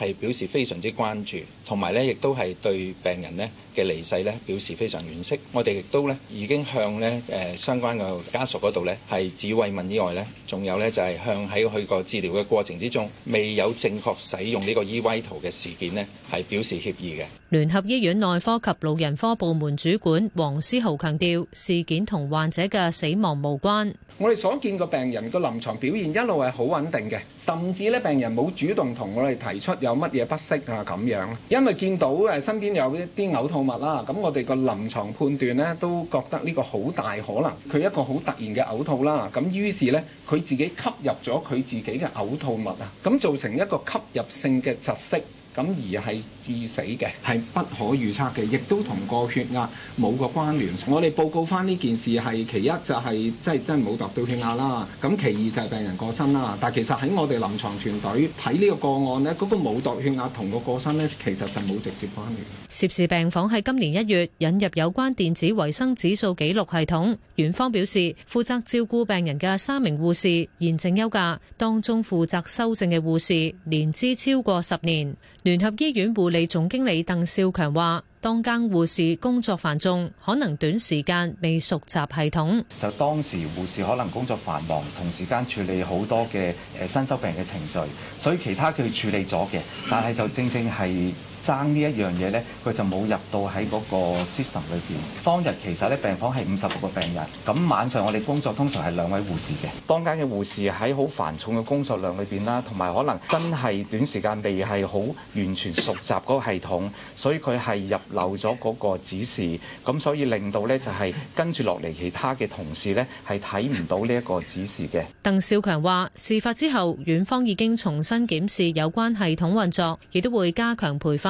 係表示非常之關注，同埋咧，亦都係對病人咧嘅離世咧表示非常惋惜。我哋亦都咧已經向咧誒相關嘅家屬嗰度咧係致慰問以外咧，仲有咧就係向喺佢個治療嘅過程之中未有正確使用呢個依威圖嘅事件咧，係表示歉意嘅。聯合醫院內科及老人科部門主管黃思豪強調，事件同患者嘅死亡無關。我哋所見個病人個臨床表現一路係好穩定嘅，甚至咧病人冇主動同我哋提出，有乜嘢不適啊？咁樣，因為見到誒身邊有一啲嘔吐物啦，咁我哋個臨床判斷咧，都覺得呢個好大可能，佢一個好突然嘅嘔吐啦，咁於是咧佢自己吸入咗佢自己嘅嘔吐物啊，咁造成一個吸入性嘅窒息。咁而係致死嘅，係不可預測嘅，亦都同個血壓冇個關聯。我哋報告翻呢件事係其一就係、係、即係真係冇度到血壓啦。咁其二就係病人過身啦。但其實喺我哋臨床團隊睇呢個個案呢嗰、嗰個冇度血壓同個過身呢，其實就冇直接關聯。涉事病房喺今年一月引入有關電子維生指數記錄系統，院方表示負責照顧病人嘅三名護士現正休假，當中負責修正嘅護士年資超過十年。聯合醫院護理總經理鄧少強話，當間護士工作繁重，可能短時間未熟習系統。就當時護士可能工作繁忙，同時間處理好多嘅，誒新收病嘅程序，所以其他佢處理咗嘅，但係就正正係爭呢一樣嘢呢，佢就冇入到喺嗰個 system 裏邊。當日其實咧病房係五十六個病人，咁晚上我哋工作通常係兩位護士嘅。當間嘅護士喺好繁重嘅工作量裏邊啦，同埋可能真係短時間未係好完全熟習嗰個系統，所以佢係入漏咗嗰個指示，咁所以令到呢就係跟住落嚟其他嘅同事呢係睇唔到呢一個指示嘅。鄧少強話：事發之後，院方已經重新檢視有關系統運作，亦都會加強培訓。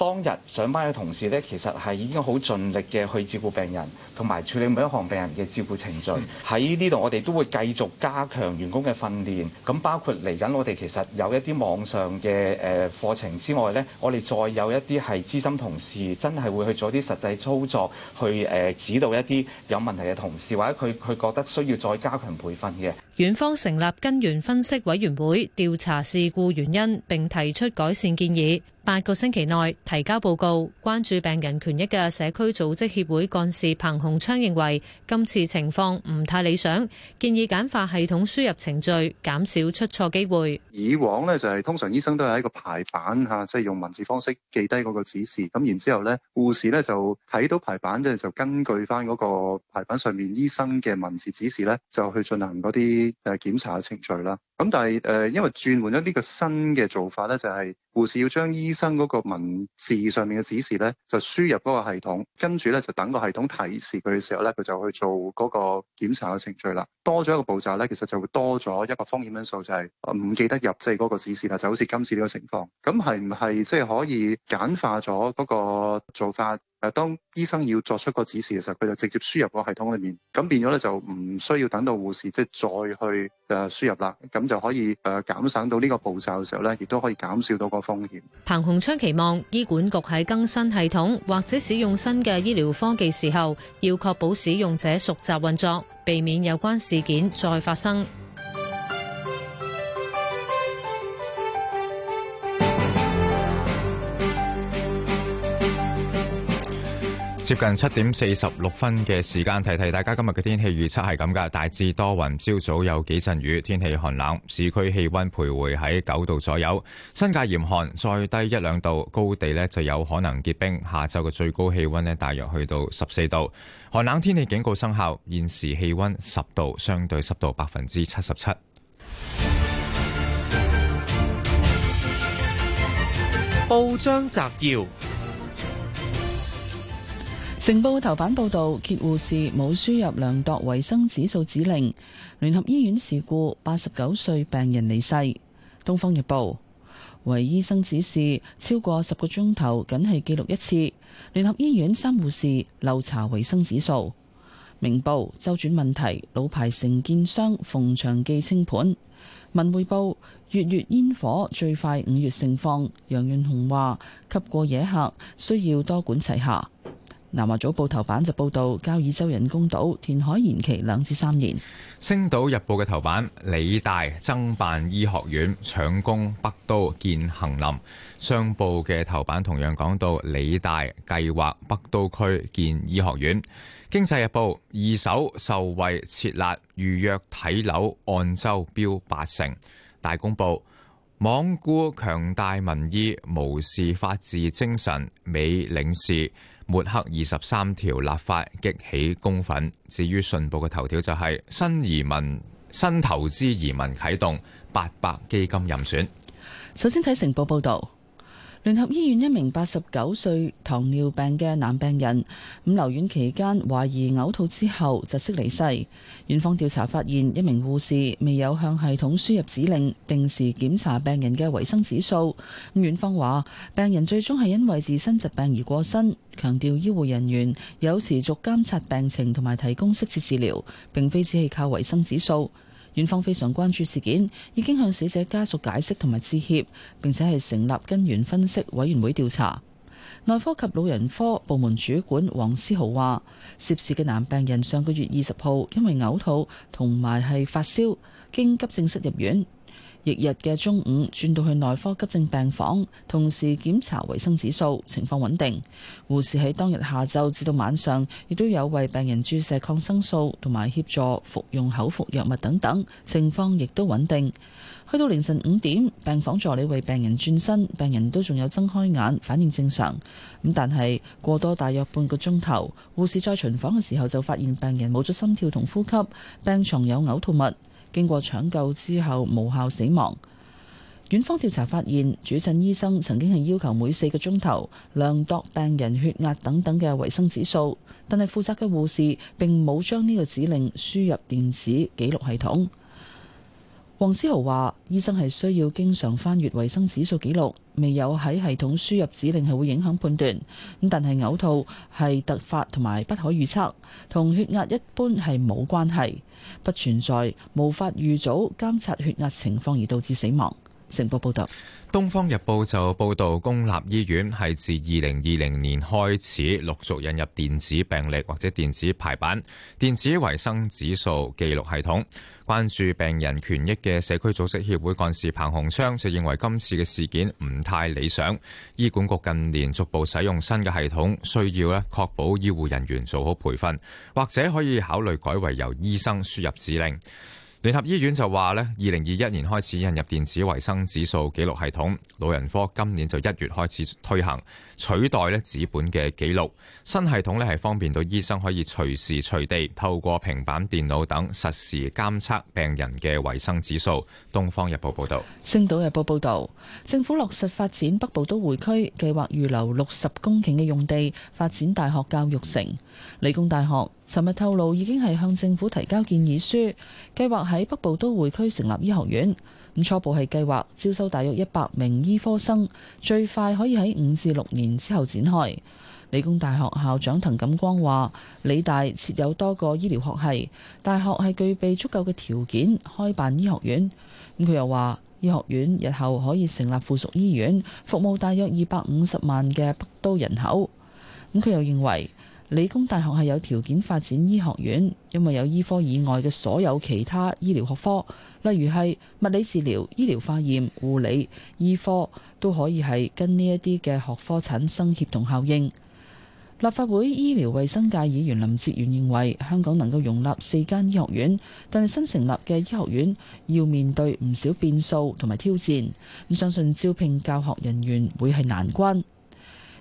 當日上班嘅同事呢，其實係已經好盡力嘅去照顧病人，同埋處理每一項病人嘅照顧程序。喺呢度，我哋都會繼續加強員工嘅訓練。咁包括嚟緊，我哋其實有一啲網上嘅誒課程之外呢，我哋再有一啲係資深同事真係會去做啲實際操作，去誒指導一啲有問題嘅同事，或者佢佢覺得需要再加強培訓嘅。院方成立根源分析委員會，調查事故原因，並提出改善建議。八個星期內。提交報告，關注病人權益嘅社區組織協會幹事彭洪昌認為，今次情況唔太理想，建議簡化系統輸入程序，減少出錯機會。以往呢，就係、是、通常醫生都係喺個排版嚇，即係用文字方式記低嗰個指示，咁然之後呢，護士呢就睇到排版，即係就根據返嗰個排版上面醫生嘅文字指示呢，就去進行嗰啲誒檢查嘅程序啦。咁但係誒、呃，因為轉換咗呢個新嘅做法呢，就係、是、護士要將醫生嗰個文事上面嘅指示咧，就輸入嗰個系統，跟住咧就等個系統提示佢嘅時候咧，佢就去做嗰個檢查嘅程序啦。多咗一個步驟咧，其實就會多咗一個風險因素，就係、是、唔記得入即係嗰個指示啦。就好似今次呢個情況，咁係唔係即係可以簡化咗嗰個做法？誒，當醫生要作出個指示嘅時候，佢就直接輸入個系統裏面，咁變咗咧就唔需要等到護士即係、就是、再去誒輸入啦，咁就可以誒減省到呢個步驟嘅時候咧，亦都可以減少到個風險。彭洪昌期望醫管局喺更新系統或者使用新嘅醫療科技時候，要確保使用者熟習運作，避免有關事件再發生。接近七點四十六分嘅時間，提提大家今日嘅天氣預測係咁噶，大致多雲，朝早有幾陣雨，天氣寒冷，市區氣溫徘徊喺九度左右，新界嚴寒，再低一兩度，高地呢就有可能結冰。下晝嘅最高氣溫呢大約去到十四度，寒冷天氣警告生效，現時氣溫十度，相對濕度百分之七十七。報章摘要。成報頭版報道，揭護士冇輸入量度衛生指數指令。聯合醫院事故，八十九歲病人離世。東方日報，違醫生指示超過十個鐘頭，僅係記錄一次。聯合醫院三護士漏查衛生指數。明報，周轉問題，老牌承建商馮祥記清盤。文匯報，月月煙火，最快五月盛放。楊潤雄話：吸過夜客需要多管齊下。南華早報頭版就報道，交椅洲人工島填海延期兩至三年。星島日報嘅頭版，理大增辦醫學院搶攻北都建杏林。商報嘅頭版同樣講到，理大計劃北都區建醫學院。經濟日報二手受惠設立預約睇樓，按周標八成。大公報，罔顧強大民意，無視法治精神。美領事。《抹黑二十三條》立法激起公憤。至於信報嘅頭條就係新移民、新投資移民啟動八百基金任選。首先睇成報報導。聯合醫院一名八十九歲糖尿病嘅男病人，咁留院期間懷疑嘔吐之後，窒息離世。院方調查發現，一名護士未有向系統輸入指令，定時檢查病人嘅維生指數。院方話，病人最終係因為自身疾病而過身。強調醫護人員有持續監察病情同埋提供適切治療，並非只係靠維生指數。院方非常關注事件，已經向死者家屬解釋同埋致歉，並且係成立根源分析委員會調查。內科及老人科部門主管黃思豪話，涉事嘅男病人上個月二十號因為嘔吐同埋係發燒，經急症室入院。翌日嘅中午，轉到去內科急症病房，同時檢查維生指數，情況穩定。護士喺當日下晝至到晚上，亦都有為病人注射抗生素同埋協助服用口服藥物等等，情況亦都穩定。去到凌晨五點，病房助理為病人轉身，病人都仲有睜開眼，反應正常。咁但係過多大約半個鐘頭，護士在巡房嘅時候就發現病人冇咗心跳同呼吸，病床有嘔吐物。經過搶救之後無效死亡，院方調查發現，主診醫生曾經係要求每四個鐘頭量度病人血壓等等嘅維生指數，但係負責嘅護士並冇將呢個指令輸入電子記錄系統。黃思豪話：醫生係需要經常翻閱維生指數記錄，未有喺系統輸入指令係會影響判斷。咁但係嘔吐係突發同埋不可預測，同血壓一般係冇關係不存在無法預早監察血壓情況而導致死亡。《成報》報道。《東方日報》就報導，公立醫院係自二零二零年開始陸續引入電子病歷或者電子排版、電子衞生指數記錄系統。關注病人權益嘅社區組織協會幹事彭洪昌就認為，今次嘅事件唔太理想。醫管局近年逐步使用新嘅系統，需要呢確保醫護人員做好培訓，或者可以考慮改為由醫生輸入指令。聯合醫院就話咧，二零二一年開始引入電子維生指數記錄系統，老人科今年就一月開始推行。取代咧紙本嘅記錄，新系統咧係方便到醫生可以隨時隨地透過平板電腦等實時監測病人嘅衞生指數。《東方日報》報道，《星島日報》報道，政府落實發展北部都會區，計劃預留六十公頃嘅用地發展大學教育城。理工大學尋日透露已經係向政府提交建議書，計劃喺北部都會區成立醫學院。咁初步係計劃招收大約一百名醫科生，最快可以喺五至六年之後展開。理工大學校長滕錦光話，理大設有多個醫療學系，大學係具備足夠嘅條件開辦醫學院。咁佢又話，醫學院日後可以成立附屬醫院，服務大約二百五十萬嘅北都人口。咁佢又認為，理工大學係有條件發展醫學院，因為有醫科以外嘅所有其他醫療學科。例如係物理治療、醫療化驗、護理、醫科都可以係跟呢一啲嘅學科產生協同效應。立法會醫療衛生界議員林哲玄認為，香港能夠容納四間醫學院，但係新成立嘅醫學院要面對唔少變數同埋挑戰，咁相信招聘教學人員會係難關。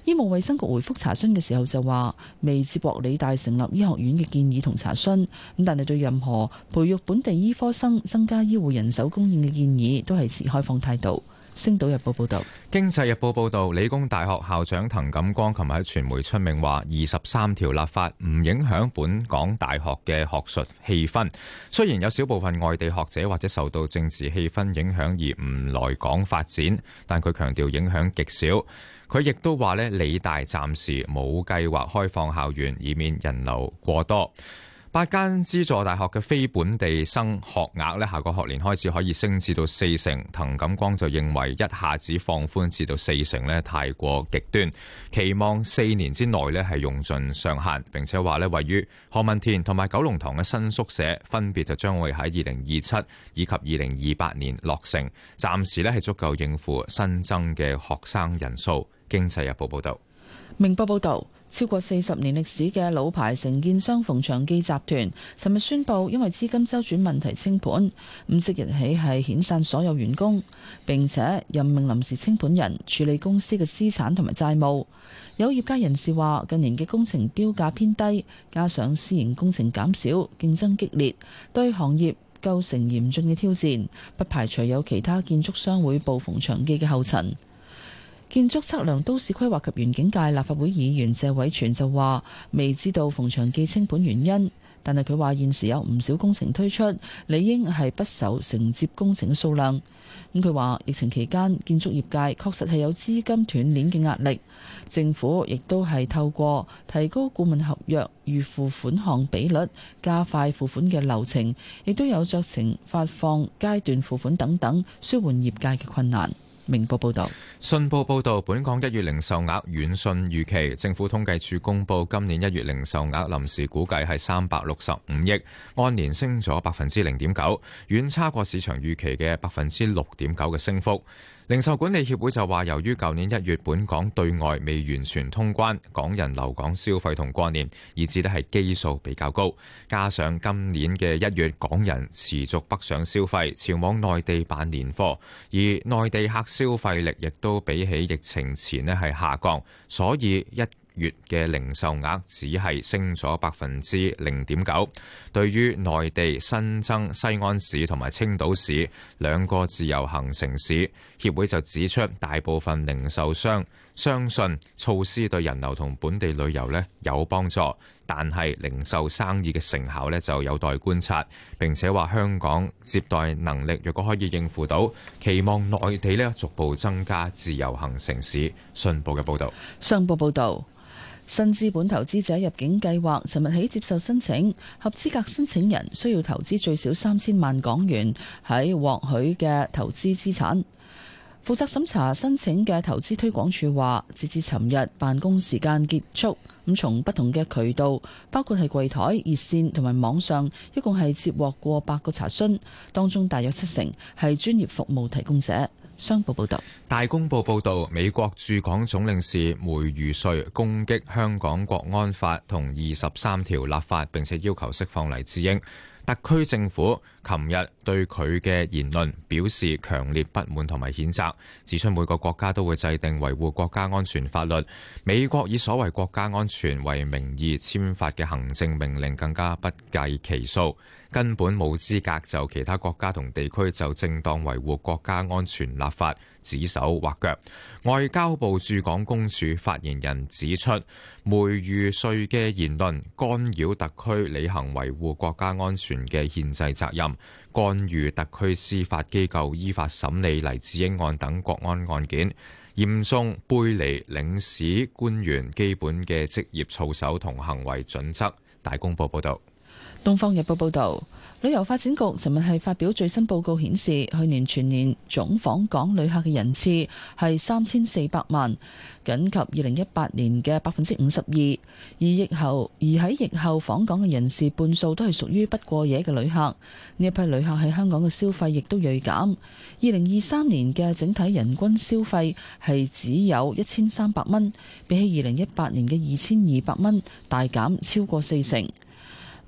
醫務衛生局回覆查詢嘅時候就話，未接獲理大成立醫學院嘅建議同查詢咁，但係對任何培育本地醫科生、增加醫護人手供應嘅建議都係持開放態度。星島日報報道，經濟日報報道，理工大學校長滕錦光琴日喺傳媒出名話，二十三條立法唔影響本港大學嘅學術氣氛。雖然有少部分外地學者或者受到政治氣氛影響而唔來港發展，但佢強調影響極少。佢亦都話咧，理大暫時冇計劃開放校園，以免人流過多。八間資助大學嘅非本地生學額呢，下個學年開始可以升至到四成。滕錦光就認為一下子放寬至到四成呢，太過極端。期望四年之內呢，係用盡上限，並且話呢，位於何文田同埋九龍塘嘅新宿舍分別就將會喺二零二七以及二零二八年落成。暫時呢，係足夠應付新增嘅學生人數。經濟日報報道，明報報道。超過四十年歷史嘅老牌承建商馮長記集團，尋日宣布因為資金周轉問題清盤，咁即日起係遣散所有員工，並且任命臨時清盤人處理公司嘅資產同埋債務。有業界人士話，近年嘅工程標價偏低，加上私營工程減少，競爭激烈，對行業構成嚴峻嘅挑戰，不排除有其他建築商會步馮長記嘅後塵。建築測量、都市規劃及園景界立法會議員謝偉銓就話：未知道逢祥記清盤原因，但係佢話現時有唔少工程推出，理應係不愁承接工程嘅數量。咁佢話：疫情期間，建築業界確實係有資金斷鏈嘅壓力，政府亦都係透過提高顧問合約預付款項比率、加快付款嘅流程，亦都有酌情發放階段付款等等，舒緩業界嘅困難。明報報道，信報報道，本港一月零售額遠遜預期。政府統計處公布，今年一月零售額臨時估計係三百六十五億，按年升咗百分之零點九，遠差過市場預期嘅百分之六點九嘅升幅。零售管理協會就話，由於舊年一月本港對外未完全通關，港人留港消費同過年，以至呢係基數比較高。加上今年嘅一月，港人持續北上消費，前往內地辦年貨，而內地客消費力亦都比起疫情前呢係下降，所以一月嘅零售額只係升咗百分之零點九。對於內地新增西安市同埋青島市兩個自由行城市，協會就指出，大部分零售商相信措施對人流同本地旅遊呢有幫助，但係零售生意嘅成效呢就有待觀察，並且話香港接待能力若果可以應付到，期望內地呢逐步增加自由行城市。信報嘅報道，信報報道。新資本投資者入境計劃，尋日起接受申請，合資格申請人需要投資最少三千萬港元喺獲許嘅投資資產。負責審查申請嘅投資推廣署話，截至尋日辦公時間結束，咁從不同嘅渠道，包括係櫃台、熱線同埋網上，一共係接獲過百個查詢，當中大約七成係專業服務提供者。商報報道，大公報報道，美國駐港總領事梅儒瑞，瑞攻擊香港國安法同二十三條立法，並且要求釋放黎智英。特區政府琴日對佢嘅言論表示強烈不滿同埋譴責，指出每個國家都會制定維護國家安全法律，美國以所謂國家安全為名義簽發嘅行政命令更加不計其數，根本冇資格就其他國家同地區就正當維護國家安全立法。指手畫腳。外交部駐港公署發言人指出，梅儒瑞嘅言論干擾特區履行維護國家安全嘅憲制責任，干預特區司法機構依法審理黎智英案等國安案件，嚴重背離領事官員基本嘅職業操守同行為準則。大公報報道，東方日報報道。旅遊發展局尋日係發表最新報告，顯示去年全年總訪港旅客嘅人次係三千四百萬，僅及二零一八年嘅百分之五十二。而疫後而喺疫後訪港嘅人士半數都係屬於不過夜嘅旅客，呢一批旅客喺香港嘅消費亦都銳減。二零二三年嘅整體人均消費係只有一千三百蚊，比起二零一八年嘅二千二百蚊大減超過四成。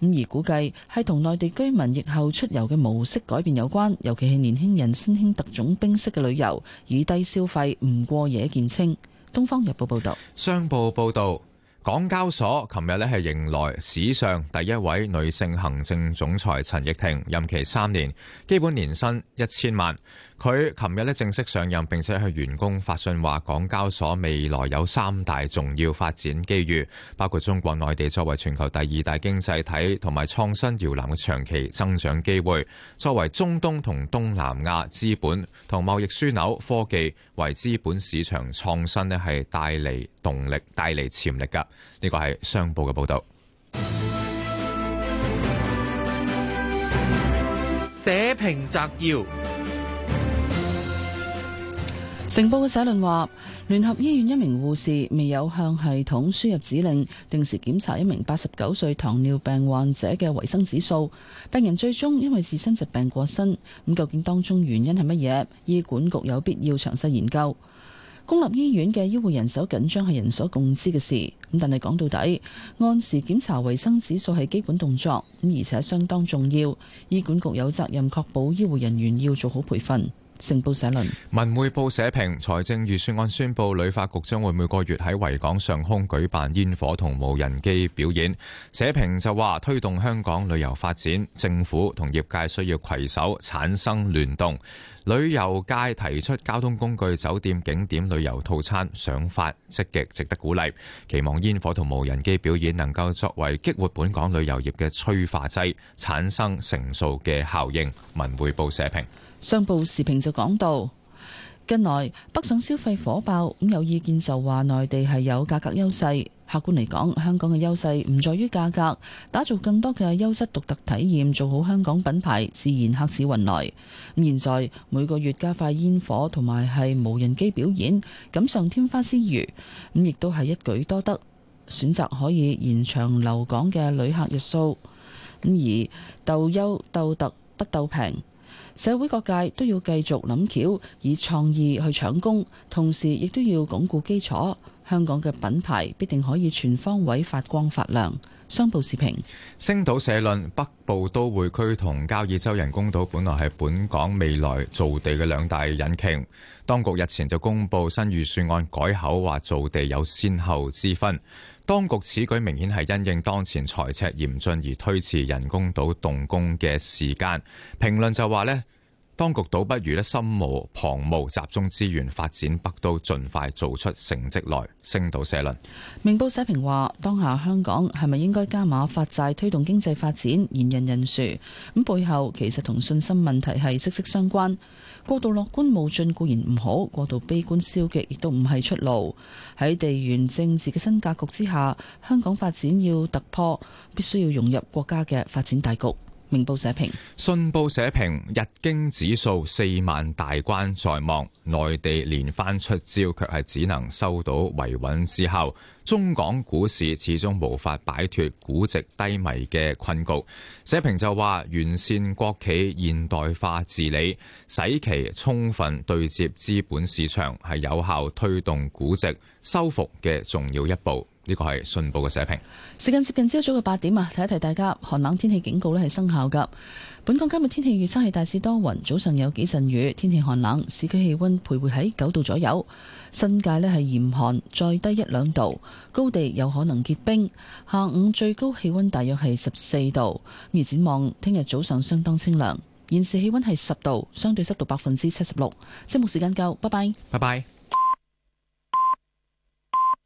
咁而估計係同內地居民疫後出遊嘅模式改變有關，尤其係年輕人新興特種兵式嘅旅遊，以低消費唔過夜見稱。《東方日報》報道，商報報道，港交所琴日咧係迎來史上第一位女性行政總裁陳翊庭，任期三年，基本年薪一千萬。佢琴日咧正式上任，並且向員工發信話港交所未來有三大重要發展機遇，包括中國內地作為全球第二大經濟體同埋創新搖籃嘅長期增長機會，作為中東同東南亞資本同貿易樞紐，科技為資本市場創新咧係帶嚟動力、帶嚟潛力噶，呢個係商報嘅報道。社評摘要。成報嘅社論話：聯合醫院一名護士未有向系統輸入指令，定時檢查一名八十九歲糖尿病患者嘅維生指數，病人最終因為自身疾病過身。咁究竟當中原因係乜嘢？醫管局有必要詳細研究。公立醫院嘅醫護人手緊張係人所共知嘅事。咁但係講到底，按時檢查維生指數係基本動作，咁而且相當重要。醫管局有責任確保醫護人員要做好培訓。城報社論，文匯報社評，財政預算案宣布，旅發局將會每個月喺維港上空舉辦煙火同無人機表演。社評就話推動香港旅遊發展，政府同業界需要攜手產生聯動。旅遊界提出交通工具、酒店、景點旅遊套餐想法，積極值得鼓勵。期望煙火同無人機表演能夠作為激活本港旅遊業嘅催化劑，產生成數嘅效應。文匯報社評。商報時評就講到，近來北上消費火爆，咁有意見就話內地係有價格優勢。客觀嚟講，香港嘅優勢唔在於價格，打造更多嘅優質獨特體驗，做好香港品牌，自然客似雲來。咁現在每個月加快煙火同埋係無人機表演，錦上添花之餘，咁亦都係一舉多得，選擇可以延長留港嘅旅客日數。咁而鬥優鬥特不鬥平。社會各界都要繼續諗橋，以創意去搶工，同時亦都要鞏固基礎。香港嘅品牌必定可以全方位發光發亮。商報時評。星島社論：北部都會區同交椅洲人工島本來係本港未來造地嘅兩大引擎。當局日前就公布新預算案，改口話造地有先後之分。當局此舉明顯係因應當前財赤嚴峻而推遲人工島動工嘅時間。評論就話呢當局倒不如咧心無旁騖，集中資源發展北都盡快做出成績來。星島社論，明報社評話，當下香港係咪應該加碼發債推動經濟發展，言人人殊咁背後其實同信心問題係息息相關。過度樂觀無盡固然唔好，過度悲觀消極亦都唔係出路。喺地緣政治嘅新格局之下，香港發展要突破，必須要融入國家嘅發展大局。明報社評，信報社評。日經指數四萬大關在望，內地連番出招，卻係只能收到維穩之後。中港股市始終無法擺脱估值低迷嘅困局。社評就話，完善國企現代化治理，使其充分對接資本市場，係有效推動估值修復嘅重要一步。呢個係信報嘅社評。寫評時間接近朝早嘅八點啊，提一提大家，寒冷天氣警告呢係生效噶。本港今日天氣預測係大致多雲，早上有幾陣雨，天氣寒冷，市區氣温徘徊喺九度左右，新界呢係嚴寒，再低一兩度，高地有可能結冰。下午最高氣温大約係十四度，而展望聽日早上相當清涼。現時氣温係十度，相對濕度百分之七十六。節目時間夠，拜拜，拜拜。